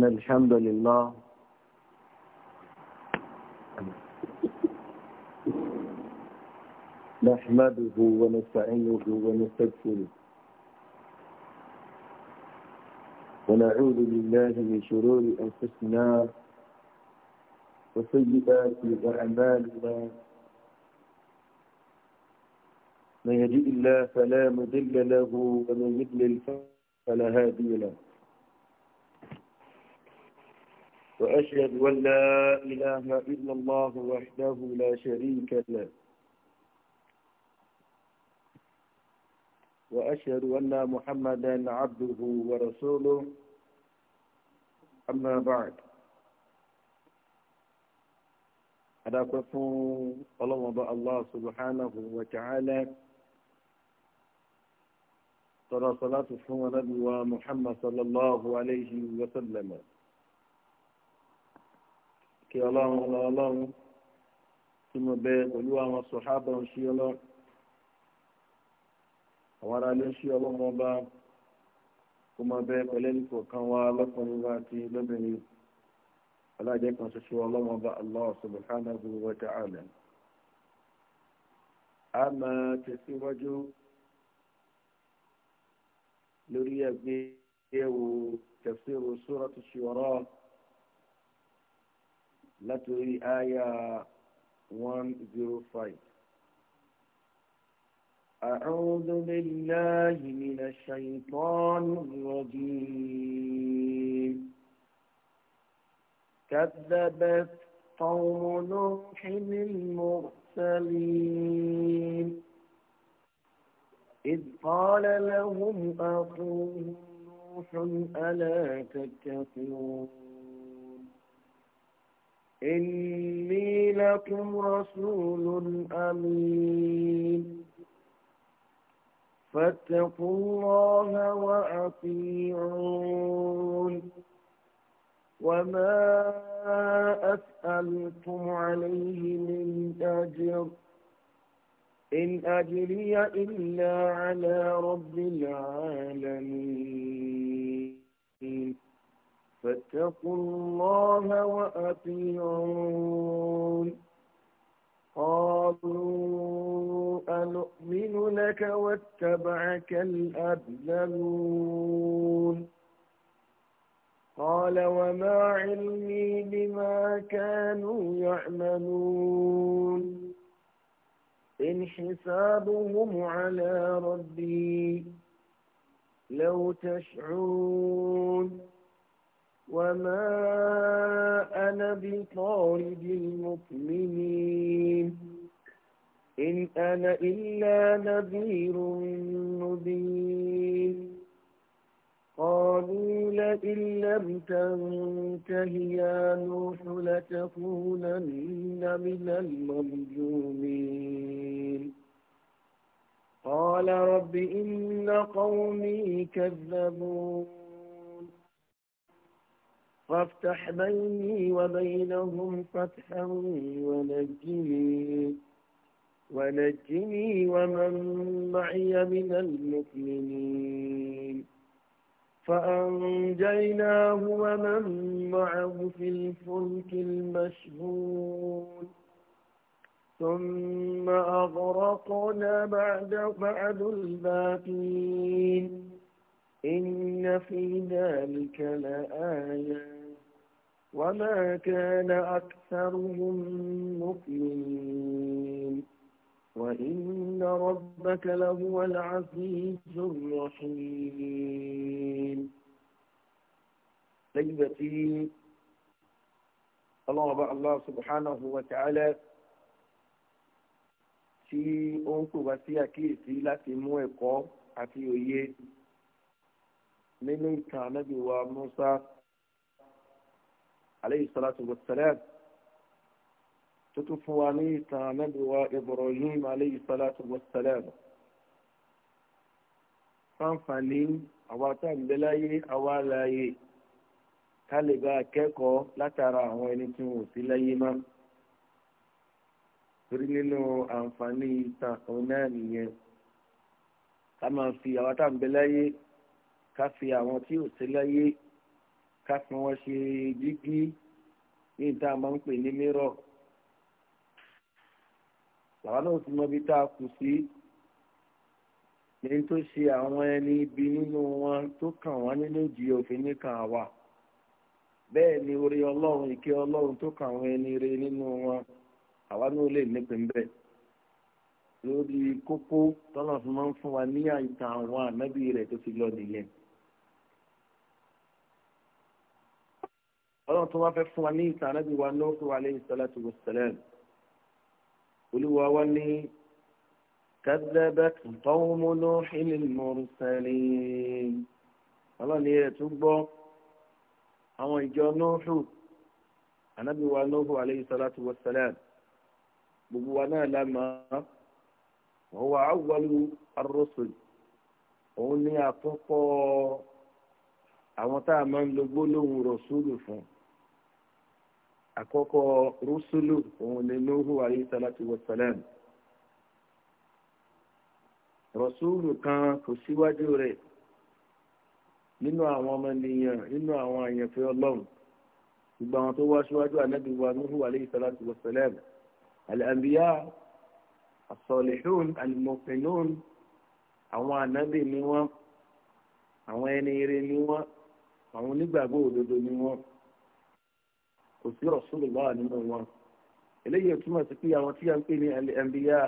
إن الحمد لله نحمده ونستعينه ونستغفره ونعوذ بالله من شرور أنفسنا وسيئات أعمالنا من يهدئ الله فلا مضل له ومن يضلل فلا هادي له وأشهد أن لا إله إلا الله وحده لا شريك له وأشهد أن محمدا عبده ورسوله أما بعد أدعوكم الله الله سبحانه وتعالى ترى صلاة محمد صلى الله عليه وسلم kí ọlọ́run ọlọ ọlọ́run tí mo bẹ pẹ̀lú àwọn sọ̀hábà ń ṣí ọlọ́run àwọn ará ilé ń ṣí ọlọ́run ọba kó máa bẹ pẹ̀lẹ́ ní kọ̀ọ̀kan wa lọ́kùnrin wa àti lóbìnrin alájẹ́ kan ṣoṣo ọlọ́run ọba Allah subhanahu wa ta'ala. a máa tẹ̀síwájú lórí ẹgbẹ́ ẹ̀wò tafsiru suratu Shuara. látòrí àyà one zero oh أعوذ بالله من الشيطان الرجيم كذبت قوم نوح المرسلين إذ قال لهم أخوهم نوح ألا تتقون إني لكم رسول أمين فاتقوا الله وأطيعون وما أسألكم عليه من أجر إن أجري إلا على رب العالمين فاتقوا الله وأطيعون قالوا أنؤمن لك واتبعك الأبذلون قال وما علمي بما كانوا يعملون إن حسابهم على ربي لو تشعرون وما أنا بطارد المؤمنين إن أنا إلا نذير مبين قالوا لئن لم تنته يا نوح لتكونن من المرجومين قال رب إن قومي كذبون فافتح بيني وبينهم فتحا ونجني ونجني ومن معي من المؤمنين فأنجيناه ومن معه في الفلك المشهود ثم أغرقنا بعد بعد الباقين إن في ذلك لآيات وما كان أكثرهم مؤمنين وإن ربك لهو العزيز الرحيم ليبتي الله الله سبحانه وتعالى tí ó ń kò wá sí àkíyèsí láti mú ẹ̀kọ́ àti òye nínú ìtàn anábìwá Musa alayhi salatu wa salam tó tún fún wa ní ìtàn anábìwa ibrahim alayhi salatu wa salam fáǹfààní àwa tá à ń bẹ láyé àwa láàyè ká lè bá akẹ́kọ̀ọ́ látara àwọn ẹni tí wọn ò sí láyé máa torí nínú àǹfààní ìtàn òun náà fi àwọn tá à ń bẹ fi àwọn tí ò sí láyé ká wọn ṣe jígí ní ìta máa ń pè ní mírọ̀ bàbá náà ti mọ tá a kù sí ní tó ṣe àwọn ẹni ibi nínú wọn tó kàn wọn nínú ìjì òfin nìkan wà bẹ́ẹ̀ ni orí ọlọ́run ìkẹ́ ọlọ́run tó kàn àwọn ẹni rẹ nínú wọn àwa náà lè lórí kókó fún máa ń fún wa ní àìtàn àwọn ànábì rẹ̀ tó ọlọ́run tó wá fẹ́ fún wa ní ìtàn anábì wa Nuhu alayhi salatu wassalam olúwa wa ní kadzabat qawmu Nuhin al-mursalin ọlọ́run ní ẹ̀ tún gbọ́ àwọn ìjọ Nuhu anábì wa Nuhu alayhi salatu wassalam gbogbo wa náà lámà wọ́n wà awwalu ar òun ní àkọ́kọ́ àwọn tá a máa ń lo gbólóhùn rọ̀ṣúlù fún un àkọ́kọ́ rúṣúlù òun ni nóhù alayhi salatu wa salam rọ̀ṣúlù kan kò síwájú rẹ̀ nínú àwọn ọmọ nìyàn nínú àwọn àyànfẹ́ ọlọ́run gbogbo àwọn tó wá síwájú ànábì wa nóhù alayhi salatu wa salam al-anbiya àwọn ànábì ni wọ́n àwọn ẹni ire ni wọ́n àwọn onígbàgbọ́ òdodo ni wọ́n. kò sí Rasulullah nínú wọn eléyìí túmọ̀ sí pé àwọn tí a ń pè ní ẹnbíyà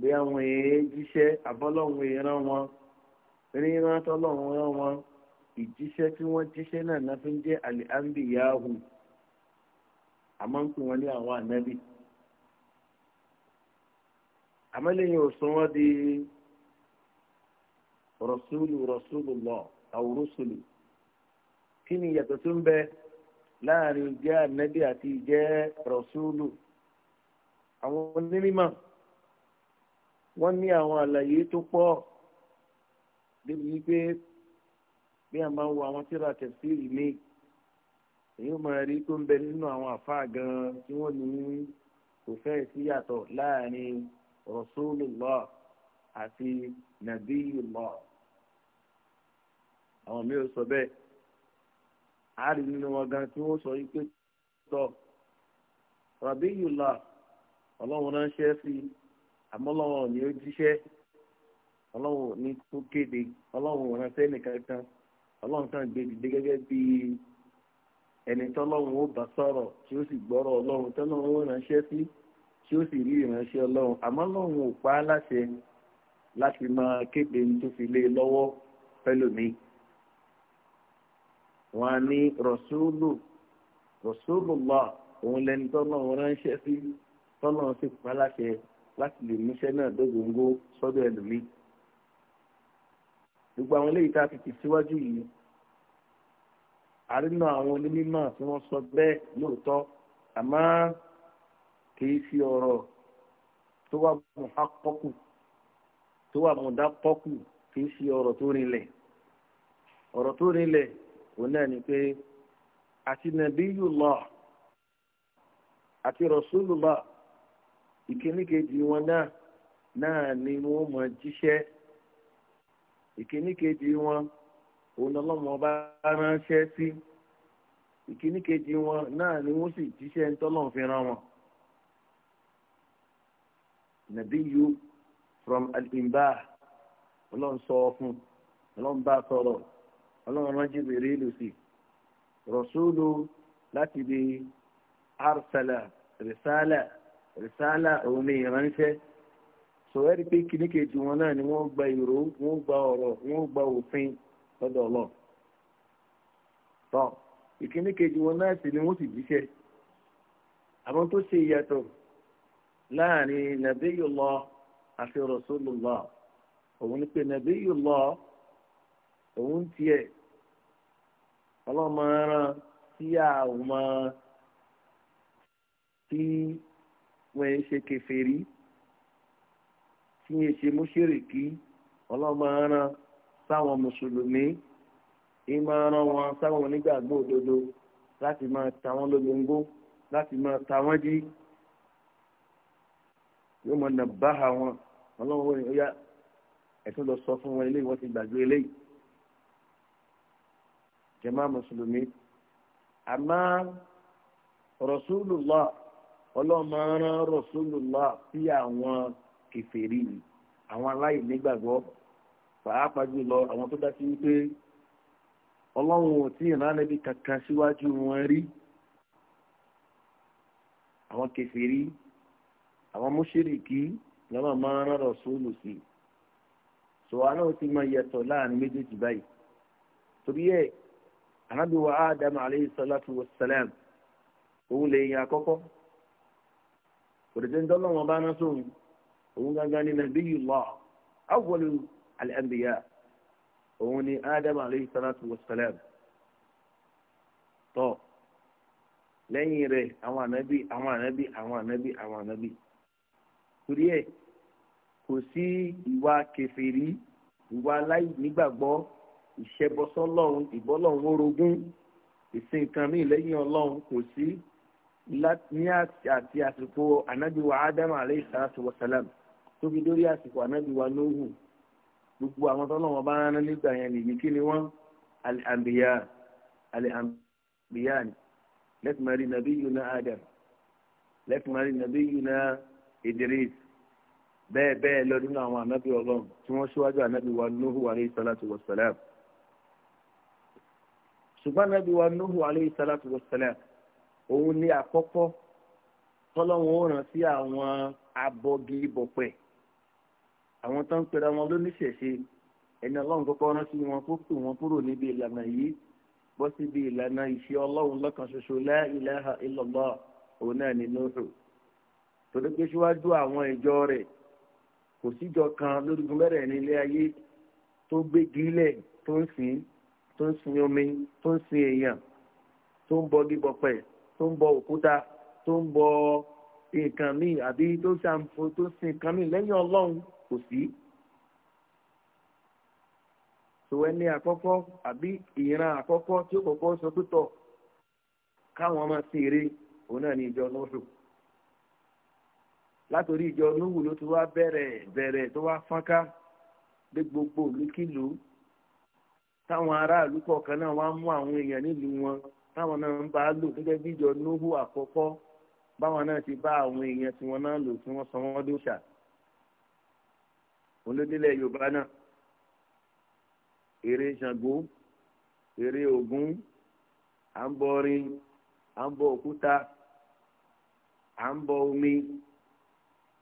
bí àwọn èèyàn jíṣẹ́ àbọ́lọ́hún ìran wọn ríran tọ́lọ́hún wọn ìjíṣẹ́ tí wọ́n jíṣẹ́ náà náà fi ń jẹ́ àlìáńbìyà hù àmọ́ ń pè wọ́n ní àwọn ànábì àmọ́ lẹ́yìn òsùn wọn di Rasulu Rasulullah kí ni ìyàtọ̀ tó ń bẹ́ẹ̀. láàrin ìjẹ́ ànábì àti ìjẹ́ rọ̀ṣúlù àwọn onímọ̀ wọ́n ní àwọn àlàyé tó pọ̀ débi wípé bí a máa ń wo àwọn tíra tẹ̀síìrì ní èyí máa rí tó ń bẹ nínú àwọn àfáà gan tí wọ́n ní kò fẹ́ síyàtọ̀ láàrin Rasulullah àti Nabiyullah àwọn mi ò sọ bẹ́ẹ̀ àárín nínú wọn gan tí wọ́n sọ wípé tọ́ Rabiyullah ọlọ́run ránṣẹ́ sí i àmọ́ ọlọ́run ni ó jíṣẹ́ ọlọ́run ní tó kéde ọlọ́run ránṣẹ́ nìkan kan ọlọ́run kan gbé dìde gẹ́gẹ́ bí ẹni tọ́lọ́run ó bá sọ̀rọ̀ tí ó sì gbọ́rọ̀ ọlọ́run tọ́lọ́run ó ránṣẹ́ sí tí ó sì rí ìránṣẹ́ ọlọ́run àmọ́ ò pa á láṣẹ láti máa kéde ní tó fi lé e lọ́wọ́ pẹ́lòmíì. wọn ní rọ̀ṣúlù rọ̀ṣúlù lọ òun lẹni tọ́nà ránṣẹ́ sí tọ́nà sí paláṣẹ láti lè múṣẹ́ náà dógóńgó sọ́dọ̀ ẹlòmíì gbogbo àwọn eléyìí tá a ti tì síwájú yìí àrínà àwọn onímọ̀ tí wọ́n sọ bẹ́ẹ̀ lóòótọ́ àmọ́ kìí fi ọ̀rọ̀ tó wà mọ̀há pọ́kù tó wà mọ̀dá pọ́kù kìí fi ọ̀rọ̀ tó rinlẹ̀ ọ̀rọ̀ tó rinlẹ̀ òun náà ni pé àti nabiyullah àti rasulullah ìkíníkejì wọn náà náà ni wọn mọ jíṣẹ́ ìkíníkejì wọn òun ọlọ́mọ bá ránṣẹ́ sí ìkíníkejì wọn náà ni wọ́n sì jíṣẹ́ ńtọ́lọ́n fi rán wọn. nàbíyú from al-imba sọ fún ọlọ́run bá sọ̀rọ̀ ọlọ́run rán jìbìrì lù sí rọ̀ṣúlù láti di arsala rìsálà rìsálà òun ni ìránṣẹ́ sọ̀rọ̀ pé kìíní kejì wọn náà ni wọ́n gba ìró wọ́n gba ọ̀rọ̀ wọ́n gba òfin lọ́dọ̀ ọlọ́ tọ́ ìkíní kejì wọn náà sì ni wọ́n sì jíṣẹ́ àwọn tó ṣe ìyàtọ̀ láàrin nàbíyùlọ àti rọ̀ṣúlùlọ òun ni pé nàbíyùlọ. òun tiẹ̀ ọlọ́mọ ẹran tí àwọn tí wọ́n ń ṣe kèfèrí tí wọ́n ṣe mùṣírìkí ọlọ́mọ ẹran sáwọn mùsùlùmí ìmọ̀ wọn sáwọn onígbàgbọ́ òdodo láti máa ta wọ́n lólobó láti máa ta wọ́n jí yóò mọ̀ nà wọn ẹ̀tún lọ sọ fún wọn eléyìí jàmá mùsùlùmí àmọ́ Rasulullah ọlọ́mọ rán Rasulullah sí àwọn kèfèrí ni àwọn aláìnígbàgbọ́ pàápàá jùlọ àwọn tó dá sí wípé ọlọ́run ò tí ìránlẹ́bí kankan síwájú wọn rí àwọn kèfèrí àwọn mùṣírìkí lọ́nà máa ń rán Rasulu sí i sọ̀rọ̀ àná ò ti máa yẹtọ̀ láàrin méjèèjì báyìí torí ẹ̀ anabi wa adam alayhi salatu wa salam òun lè yàn àkọ́kọ́ òdìdí ńdọ́lọ́wọ́n bá ná sóhun òun gangan ní nabiyullah awwal al-anbiya òun ni adam alayhi salatu wa salam tọ́ lẹ́yìn rẹ̀ àwọn ànábì àwọn ànábì àwọn ànábì àwọn ànábì torí ẹ̀ kò sí ìwà ìṣẹ́bọsọ́lọ́run ìbọ́lọ́run orogún ìsìn nǹkan míì lẹ́yìn ọlọ́run kò sí ní àti àsìkò anábìwá ádámù alayhi salatu wa salam tó fi dórí àsìkò anábìwá nóhù gbogbo àwọn tó lọ́wọ́ bá rán nígbà yẹn nìyí kí ni wọ́n al-anbiya al-anbiya ni lẹ́tùmọ̀rí nabiyuna adam lẹ́tùmọ̀rí nabiyuna idris bẹ́ẹ̀ bẹ́ẹ̀ lọ nínú àwọn anábì ọlọ́run tí wọ́n ṣíwájú anábìwá nóhù alayhi salatu wa ṣùgbọ́n nàbí wa nuhu aleyhi salatu wa salam òun ni àkọ́kọ́ tọ́lọ́wọ́n ó ràn sí àwọn abọ́gi bọ̀pẹ̀ àwọn tó ń pera wọn lóníṣẹ̀ṣe ẹni ọlọ́run kọ́kọ́ rántí wọn kó pè wọn kúrò níbi ìlànà yìí bọ́ síbi ìlànà ìṣe ọlọ́run lọ́kan ṣoṣo la ilaha illallah òun náà ni nuhu torí pé síwájú àwọn ìjọ rẹ̀ kò síjọ kan lórí gun mẹ́rẹ̀ẹ́rin ayé tó gbégi lẹ̀ tó ń sìn tó ń sin omi tó ń sin èèyàn tó ń bọ gígbọpẹ tó ń bọ òkúta tó ń bọ nǹkan míì àbí tó ṣàǹfò tó sin nǹkan míì lẹ́yìn ọlọ́run kò sí. ẹni àkọ́kọ́ àbí ìran àkọ́kọ́ tí ó kọ́kọ́ sọ pé káwọn máa sin eré òun náà ní ìjọ lọ́sùn látòrí ìjọ gbogbo táwọn aráàlú kọ̀ọ̀kan náà wá mú àwọn èèyàn nílùú wọn táwọn náà ń bá lò gẹ́gẹ́ bí ìjọ nóhù àkọ́kọ́ báwọn náà ti bá àwọn èèyàn tí wọ́n náà lò tí wọ́n sọ wọ́n dóṣà olódélẹ̀ yorùbá náà eré ṣàngó eré ògún à ń bọ orin à ń bọ òkúta à ń bọ omi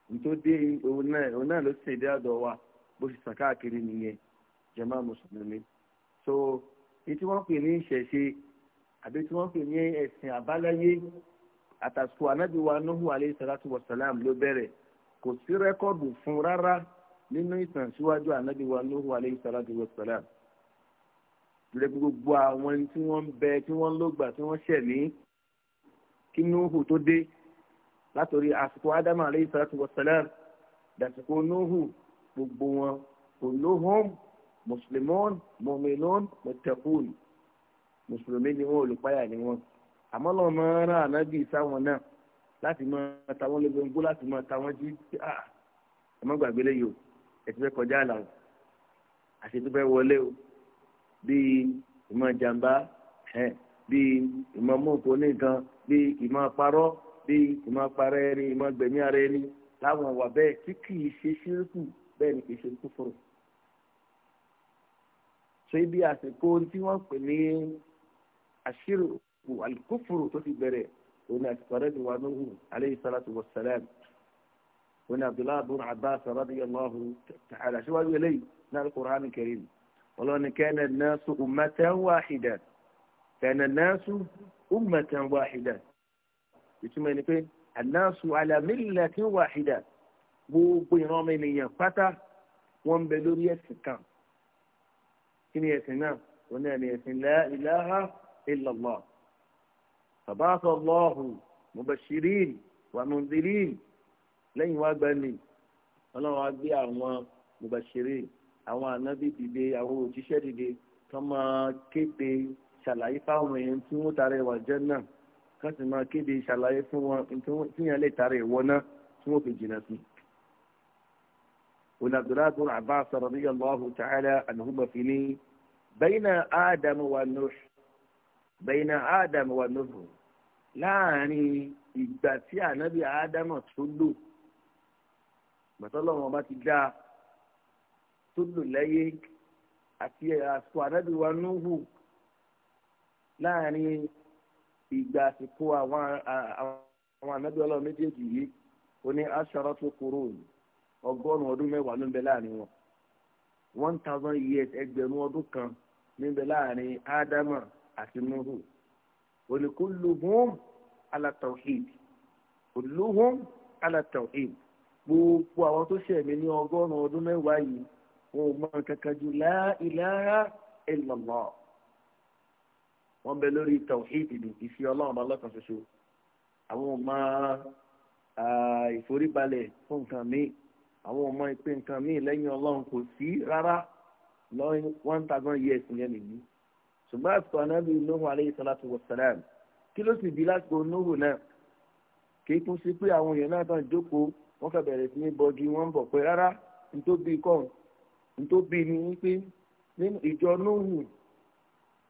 nítorí òun náà ló ṣèdí àdọ̀ wa bó ṣe sàn so èyí tí wọ́n pè ní ìṣẹ̀ṣe àbí tí wọ́n pè ní ẹ̀sìn àbáláyé àtàsùkò anábì wa nuhu alayhi salatu wa salam ló bẹ̀rẹ̀ kò sí rẹ́kọ́ọ̀dù fún rárá nínú ìtàn síwájú anábì wa nuhu alayhi salatu wa salam lórí gbogbo àwọn tí wọ́n ń bẹ tí wọ́n lógbà tí wọ́n ṣẹ̀ ní kí nuhu tó dé látòrí àsìkò ádámù alayhi salatu wa salam dàsìkò nuhu gbogbo wọn kò lóhùn mùsùlùmọ́n mọ̀mìnón mọ̀tẹ́kùn mùsùlùmí ni wọn olùpáyà ni wọn àmọ́ lọ́wọ́ máa rán ànábì sáwọn náà láti máa ta wọ́n lógóńgó láti máa ta wọ́n jí ẹ má gbàgbé lẹ́yìn o ẹ ti fẹ́ kọjá àlà o àti tó fẹ́ wọlé o bíi ìmọ̀ jàǹbá bíi ìmọ̀ mọ́ọ̀kọ́ ní bíi ìmọ̀ parọ́ bíi ìmọ̀ parẹ́ ẹni ìmọ̀ gbẹ̀mí ara ẹni láwọn wà bẹ́ẹ̀ tí kì í ṣe ṣírùkù bẹ́ẹ̀ ni kì í ṣe kúfùrù ṣé bí àsìkò tí wọ́n pè ní àṣírò alkufuru tó ti bẹ̀rẹ̀ òun àsìkò àrẹ́bí wa Nuhu alayhi salatu wa salam òun Abdullahi bin Abbas radiyallahu ta'ala ṣíwájú eléyìí náà al-Qur'an al-Karim ọlọ́ni kana an-nasu ummatan wahida kana an-nasu ummatan wahida ìtumọ̀ ni pé an-nasu ala wahida gbogbo ìran ọmọ ènìyàn pátá wọ́n bẹ lórí ẹ̀sìn kan kí ni ẹ̀sìn náà òun náà ni ẹ̀sìn la ilaha illallah bàbá sọlọ́ọ̀hù mubashirin wa mundirin lẹ́yìn wá gbẹ́ni ọlọ́run á gbé àwọn mubashirin àwọn ànábì dìde àwọn òjíṣẹ́ dìde tó máa kéde ṣàlàyé fáwọn èèyàn tí wọ́n tara ẹ̀wà jẹ́ náà kán sì máa kéde ṣàlàyé fún wọn tí wọ́n lè tara ẹ̀wọ́ náà tí wọ́n fi jìnnà sí i. وإن عبد الله بن عباس رضي الله تعالى عنهما في لي بين آدم والنوح بين آدم والنوح láàrin ìgbà tí ànábì ádámà tó lò gbàtọ́lọ́wọ́n ọba ti dá tó lò lẹ́yẹ àti àsìkò ànábì wa núhù láàrin ìgbà àsìkò àwọn ànábì ọlọ́run méjèèjì yìí ó ní asharatu qurun ọgọ́rùn-ún ọdún mẹ́wàá ló ń bẹ láàrin wọn one thousand years ẹgbẹ̀rún ọdún kan ló ń bẹ láàrin ádámà àti nuhu olùkúlùhùn ala tawhid olùhùn ala tawhid gbogbo àwọn tó ṣẹ̀mí ní ọgọ́rùn-ún ọdún mẹ́wàá yìí wọn ò mọ kankan ju la ilaha illallah wọn bẹ lórí tawhid ni ìfi ọlọ́run bá ṣoṣo àwọn ò máa ìforíbalẹ̀ fún nǹkan mìíràn àwọn ọmọ ìpè nǹkan míì lẹ́yìn ọlọ́run kò sí rárá lọ́yìn one thousand years yẹn nìyí ṣùgbọ́n àsìkò anábì nuhu aleyhi salatu wa salam kí ló sì bí lásìkò nuhu náà kì í tún sí pé àwọn èèyàn náà tàn jókòó wọ́n kà bẹ̀rẹ̀ sí ní bọ́ọ̀dù wọn ń bọ̀ pé rárá ntóbi kọ́ọ̀n ntóbi ni wípé nínú ìjọ nuhu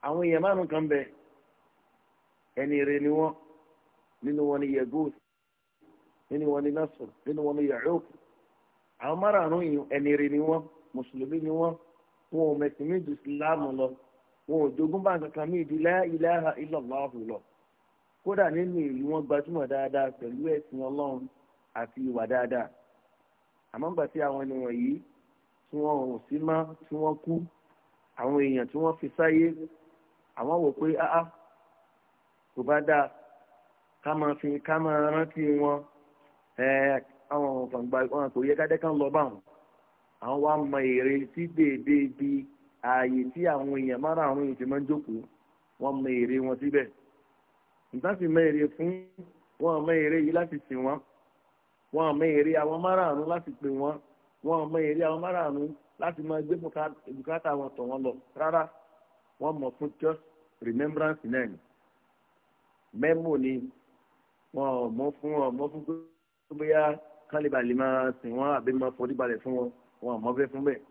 àwọn èèyàn márùn kan bẹ ẹni rẹ ni wọn nínú wọn ni yẹgúùs nínú wọn ni nasr nínú wọn ni yàrá àwọn márààrún yìí ẹni rè ni wọ́n mùsùlùmí ni wọ́n wọn ò mẹ̀sìn mí ju ìsìláàmù lọ wọn ò jogún bá nǹkan kan mí ìdí la ilaha illallahu lọ kódà nínú ìlú wọn gbajúmọ̀ dáadáa pẹ̀lú ẹ̀sìn ọlọ́run àti ìwà dáadáa àmọ́ gbà tí àwọn ẹni wọ̀nyí tí wọ́n ò sí mọ́ tí wọ́n kú àwọn èèyàn tí wọ́n fi sáyé àwọn wò pé áá ah, ah, kò bá dáa ká máa fi ká máa rántí wọn àwọn ọ̀fàǹgbà wọn kò yẹ kájẹ́ kan lọ bá wọn àwọn wa mọ èrè tí dèédé bi ààyè tí àwọn èèyàn mára àwọn èèyàn ti máa ń jókòó wọn mọ èrè wọn síbẹ̀ nǹkan sì mọ èrè fún wọn mọ èrè yìí láti sìn wọn wọn mọ èrè àwọn mára àrùn láti pè wọn wọn mọ èrè àwọn mára àrùn láti máa gbé bùkátà wọn tọ̀ wọn lọ rárá wọn mọ fún just remembrance náà ni mẹ́mò ni wọn mọ fún wọn mọ fún gbogbo bóyá kán lè balẹ̀ máa sìn wọ́n àbí máa fọdí balẹ̀ fún wọn wọn àmọ́ fẹ́ fún bẹ́ẹ̀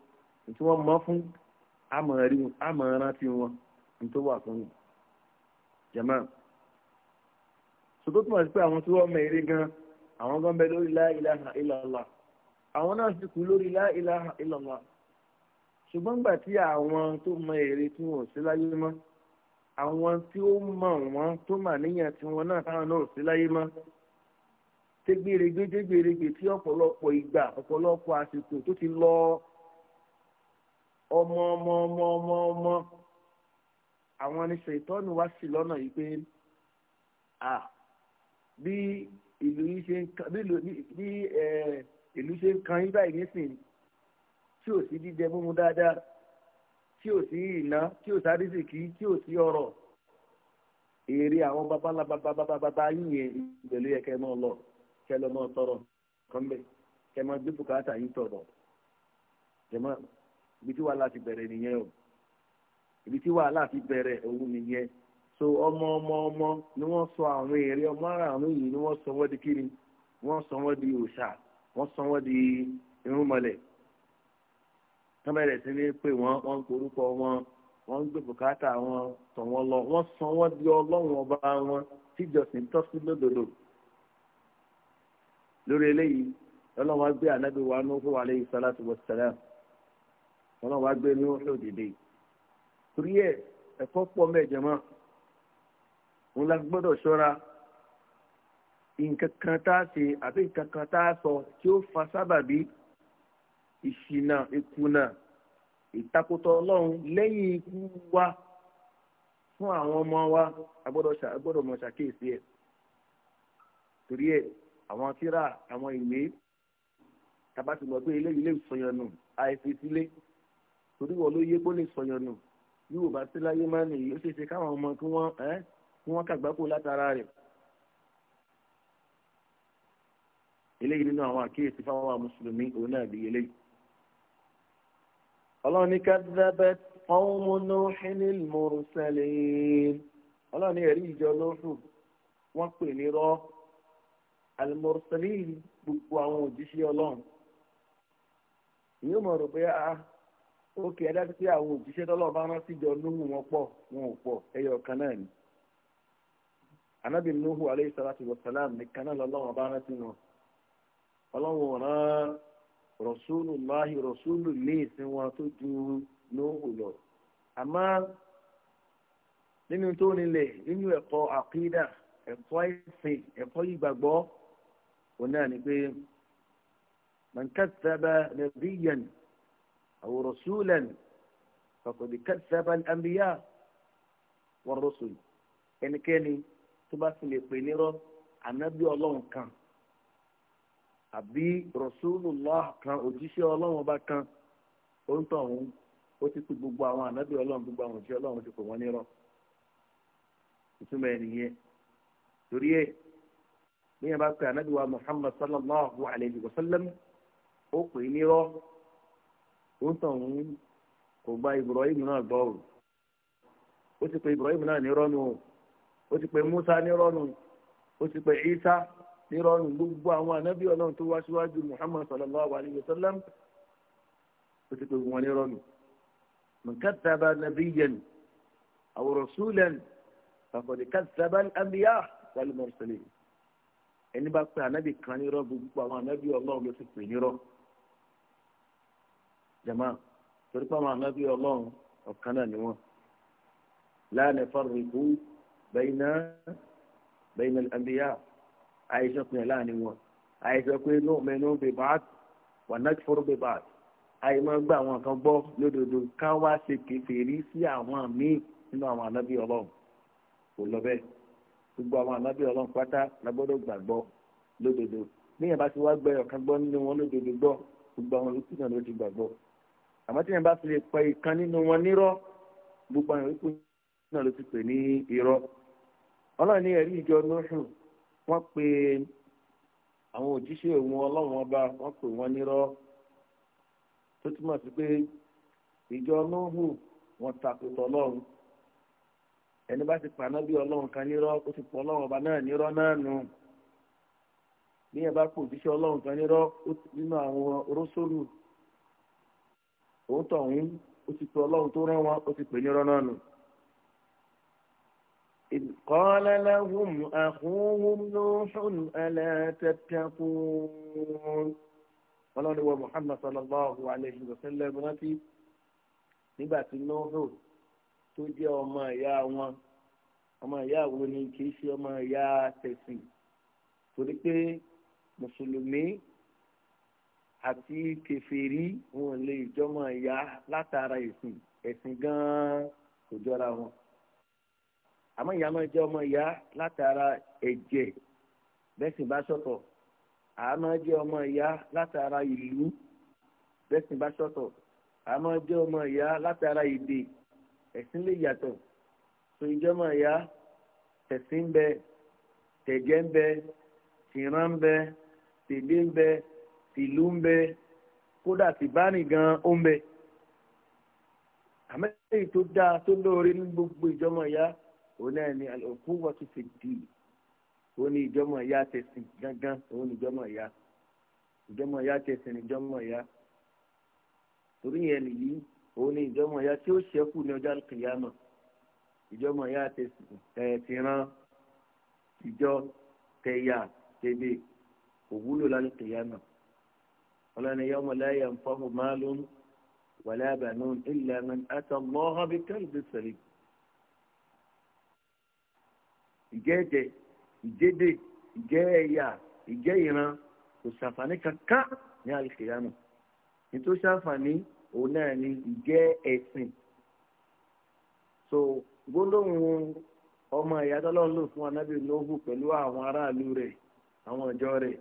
tí wọ́n mọ́ fún àmọ́ rántí wọn tó wà fún yìí jama sọtọ́ tó máa ti pé àwọn tí wọ́n mọ eré gan àwọn gan bẹ lórí la ilaha illallah àwọn náà sì kú lórí la ilaha illallah ṣùgbọ́n gbà tí àwọn tó mọ eré tí wọ́n sí láyé mọ́ àwọn tí ó mọ̀ wọ́n tó mà níyàn tí wọ́n náà táwọn náà sí láyé mọ́ tẹgbèrègbè tẹgbèrègbè tí ọ̀pọ̀lọpọ̀ ìgbà ọ̀pọ̀lọpọ̀ àsìkò tó ti lọ ọmọ ọmọ ọmọ ọmọ ọmọ àwọn aníṣẹ́ ìtọ́nù wá sí lọ́nà yìí pé à bí ìlú yìí ṣe ń kan bí ìlú ṣe ń kan yín báyìí nísìnyí tí ò sí jíjẹ múmu dáadáa tí ò sí ìná tí ò sáré sìkì tí ò sí ọrọ̀ èrè àwọn babalá babalá babalá yìnyín ìgbẹ̀lú yẹ kẹ́ mọ́ lọ. kẹ lọ mọ tọrọ kan bẹ kẹ mọ gbé bùkátà yín tọrọ jẹmọ ibi tí wàhálà ti bẹ̀rẹ̀ nìyẹn o ibi tí wàhálà ti bẹ̀rẹ̀ òun nìyẹn so ọmọ ọmọ ọmọ ni wọ́n sọ àwọn èrè ọmọ ara àwọn yìí ni wọ́n sọ wọ́n di kiri wọ́n sọ wọ́n di òòṣà wọ́n sọ wọ́n di irúnmọlẹ̀ wọ́n bẹ̀rẹ̀ sí ní pé wọ́n wọ́n ń korúkọ wọn wọ́n gbé bùkátà wọn tọ̀ lọ wọ́n sọ wọ́n di ọlọ́run ọba wọn tíjọsìn tọ́sí lódodo lórí eléyìí ọlọ́run wá gbé ànábì wa Nuhu alayhi salatu wassalam ọlọ́run wá gbé Nuhu dìde torí ẹ̀ ẹ̀kọ́ pọ̀ mẹ́jọ mọ́ òun la gbọ́dọ̀ ṣọ́ra nǹkan kan tá a ṣe àbí nǹkan kan tá a sọ tí ó fa sábàbí ìṣìnà ìkùnà ìtakùtọ̀ ọlọ́run lẹ́yìn ikú wa fún àwọn ọmọ wa a mọ̀ ṣàkíyèsí ẹ̀ torí ẹ̀ àwọn tíra àwọn ìwé tàbá ti mọ̀ pé eléyìí lè sọyàn nù àìfi sílé torí wọn ló yé kó lè sọyàn nù yóò bá sí láyé má nìyí ó ṣeéṣe káwọn ọmọ kí wọ́n ẹ́ kí wọ́n kàgbákò látara rẹ̀. eléyìí nínú àwọn àkíyèsí fáwọn mùsùlùmí òun náà bí eléyìí. ọlọ́run ní kadhabat qawmu Nuhin al ọlọ́run ní ẹ̀rí ìjọ lóṣù wọ́n pè ní rọ́ọ̀ alimọ̀rọ̀sẹ̀lẹ̀ gbogbo àwọn òjíṣẹ́ ọlọ́run yóò mọ̀ rò pé a ah, ókè adájọ́ pé àwọn òjíṣẹ́ tọ́lọ́run bá rán síjọ lóhùn wọn pọ̀ wọn ò pọ̀ ẹyọ kan náà ni anabi nuhu aleyhi salatu wa salam nìkan náà lọ́lọ́run bá rán sí wọn ọlọ́run rán rọ̀ṣúlù láhi rọ̀ṣúlù léèsì wọn tó ju nuhu lọ àmọ́ nínú tó nílẹ̀ nínú ẹ̀kọ́ àkídà ẹ̀kọ́ ìsìn ẹ̀kọ́ ìgbàgbọ́ òun náà ni pé man kathaba nabiyyan aw rasulan faqad kathaba al-anbiya wa rusul ẹnikẹ́ni tó bá fi lè pè nírọ́ ànábì ọlọ́run kan àbí rasulullah kan òjíṣẹ́ ọlọ́run ọba kan ó ń tọ̀ ọ̀hún ó ti tu gbogbo àwọn ànábì ọlọ́run gbogbo àwọn òjíṣẹ́ ọlọ́run ti pè wọ́n nírọ́ ìtumọ̀ ẹ̀ nìyẹn torí ẹ̀ bí yẹn bá pe anabi wa muhammad sallallahu alayhi wa sallam ó pè é nírọ́ ó ń tàn ń kò gba ibrahim náà gbọ́ o ó ti pe ibrahim náà nírọ́ nù ó ti pe musa nírọ́ nù ó ti pe isa nírọ́ nù gbogbo àwọn anabi ọlọ́run tó wá síwájú muhammad sallallahu alayhi wa sallam ó ti pe wọn nírọ́ nù mọ̀kátàbà nàbíyẹn àwọn rasulan fàkọ̀dé kátàbà àbíyá wàlúmọ̀ọ́sálẹ̀ ẹni bá pé ànábì kan nírọ́ gbogbo àwọn ànábì ọlọ́run ló ti pè nírọ́ jama torí pé àwọn ànábì ọlọ́run ọ̀kan náà ni wọ́n la nufarriqu bayna bayna al-anbiya àìsàn pé láàrin wọn àìsàn pé nu'minu bi ba'd wa nakfuru bi ba'd àìmọ́ gba àwọn kan gbọ́ lódodo ká wá ṣe kèfèrí sí àwọn míì nínú àwọn ànábì ọlọ́run kò lọ bẹ́ẹ̀. gbogbo àwọn ànábì ọlọrun pátá la gbàgbọ gbàgbọ́ lódodo níyẹn bá ti wá gbẹ ọ̀kan gbọ́ nínú wọn lódodo àwọn olùkú náà ló ti gbàgbọ́ àmọ́ bá fi lè wọn gbogbo àwọn olùkú náà ló ti pè ní ní wọ́n pe àwọn òjíṣẹ́ òun ọlọ́run ọba wọ́n pè wọ́n nírọ́ tó túmọ̀ sí pé ìjọ wọn ẹni bá ti pàná bí ọlọ́run kan nírọ́ ó ti pọ̀ ọlọ́run ọba náà nírọ́ náà nù bí ẹ bá kó òjíṣẹ́ ọlọ́run kan nírọ́ nínú àwọn rọ́sọ́lù òun tọ̀hún ó ti pè ọlọ́run tó rán wọn ó ti pè nírọ́ náà nù. قال لهم أخوهم نوح ألا تتقون ọlọ́run wọ Muhammad sallallahu alayhi wa sallam rántí nígbà tí Nuhu tó jẹ́ ọmọ ìyá wọn ọmọ ìyá wo ni kì í ṣe ọmọ ìyá tẹ̀sìn torí pé mùsùlùmí àti kèfèrí wọn lè jọmọ ìyá látara ẹ̀sìn ẹ̀sìn gan-an kò jọra wọn àmọ́ ìyá máa jẹ́ ọmọ ìyá látara ẹ̀jẹ̀ bẹ́sìn bá sọ̀tọ̀ àmọ́ jẹ́ ọmọ ìyá látara ìlú bẹ́sìn bá sọ̀tọ̀ àmọ́ jẹ́ ọmọ ìyá látara èdè ẹ̀sìn lè yàtọ̀ so ìjọba ìyá tẹ̀sìn bẹ tẹ̀jẹ́ bẹ tìran bẹ tèdè bẹ tìlú bẹ kódà tìbánì gan ó bẹ àmẹ́lẹ́yìn tó dáa tó lóore ní gbogbo ìjọba ìyá òun náà ni òkú wọ́n ti fi dì í òun ni ìjọba ìyá tẹ̀sìn gangan òun ni ìjọba ìyá ìjọba ìyá tẹ̀sìn ni ìjọba ìyá torí yẹn nìyí òun ni ìjọmọ ìyá tí ó ṣẹ́kù ní ọjọ́ kìyàmọ̀ ìjọmọ ìyá ti ran ìjọ tẹ̀yà tẹ̀lé òwúlò lálẹ́ kìyàmọ̀ ọlọ́ni yọmọ láyà ń fọ́ fún máa lóhùn wàlẹ́ àbànú ilẹ̀ ẹ̀mẹ́ni àtọ̀mọ́ ọ̀bí kẹ́lìdì sẹ̀lẹ̀. ìjẹ́jẹ ìjẹ́dẹ ìjẹ́ ìjẹ́ ìran kò ṣàǹfààní kankan ní àlùkìyàmọ̀ nítorí ṣàǹfààní òun náà ni ìjẹ́ ẹ̀sìn so gbólóhùn ọmọ ìyá tọ́lọ́run lò fún anábì nóhù pẹ̀lú àwọn aráàlú rẹ̀ àwọn ọjọ́ rẹ̀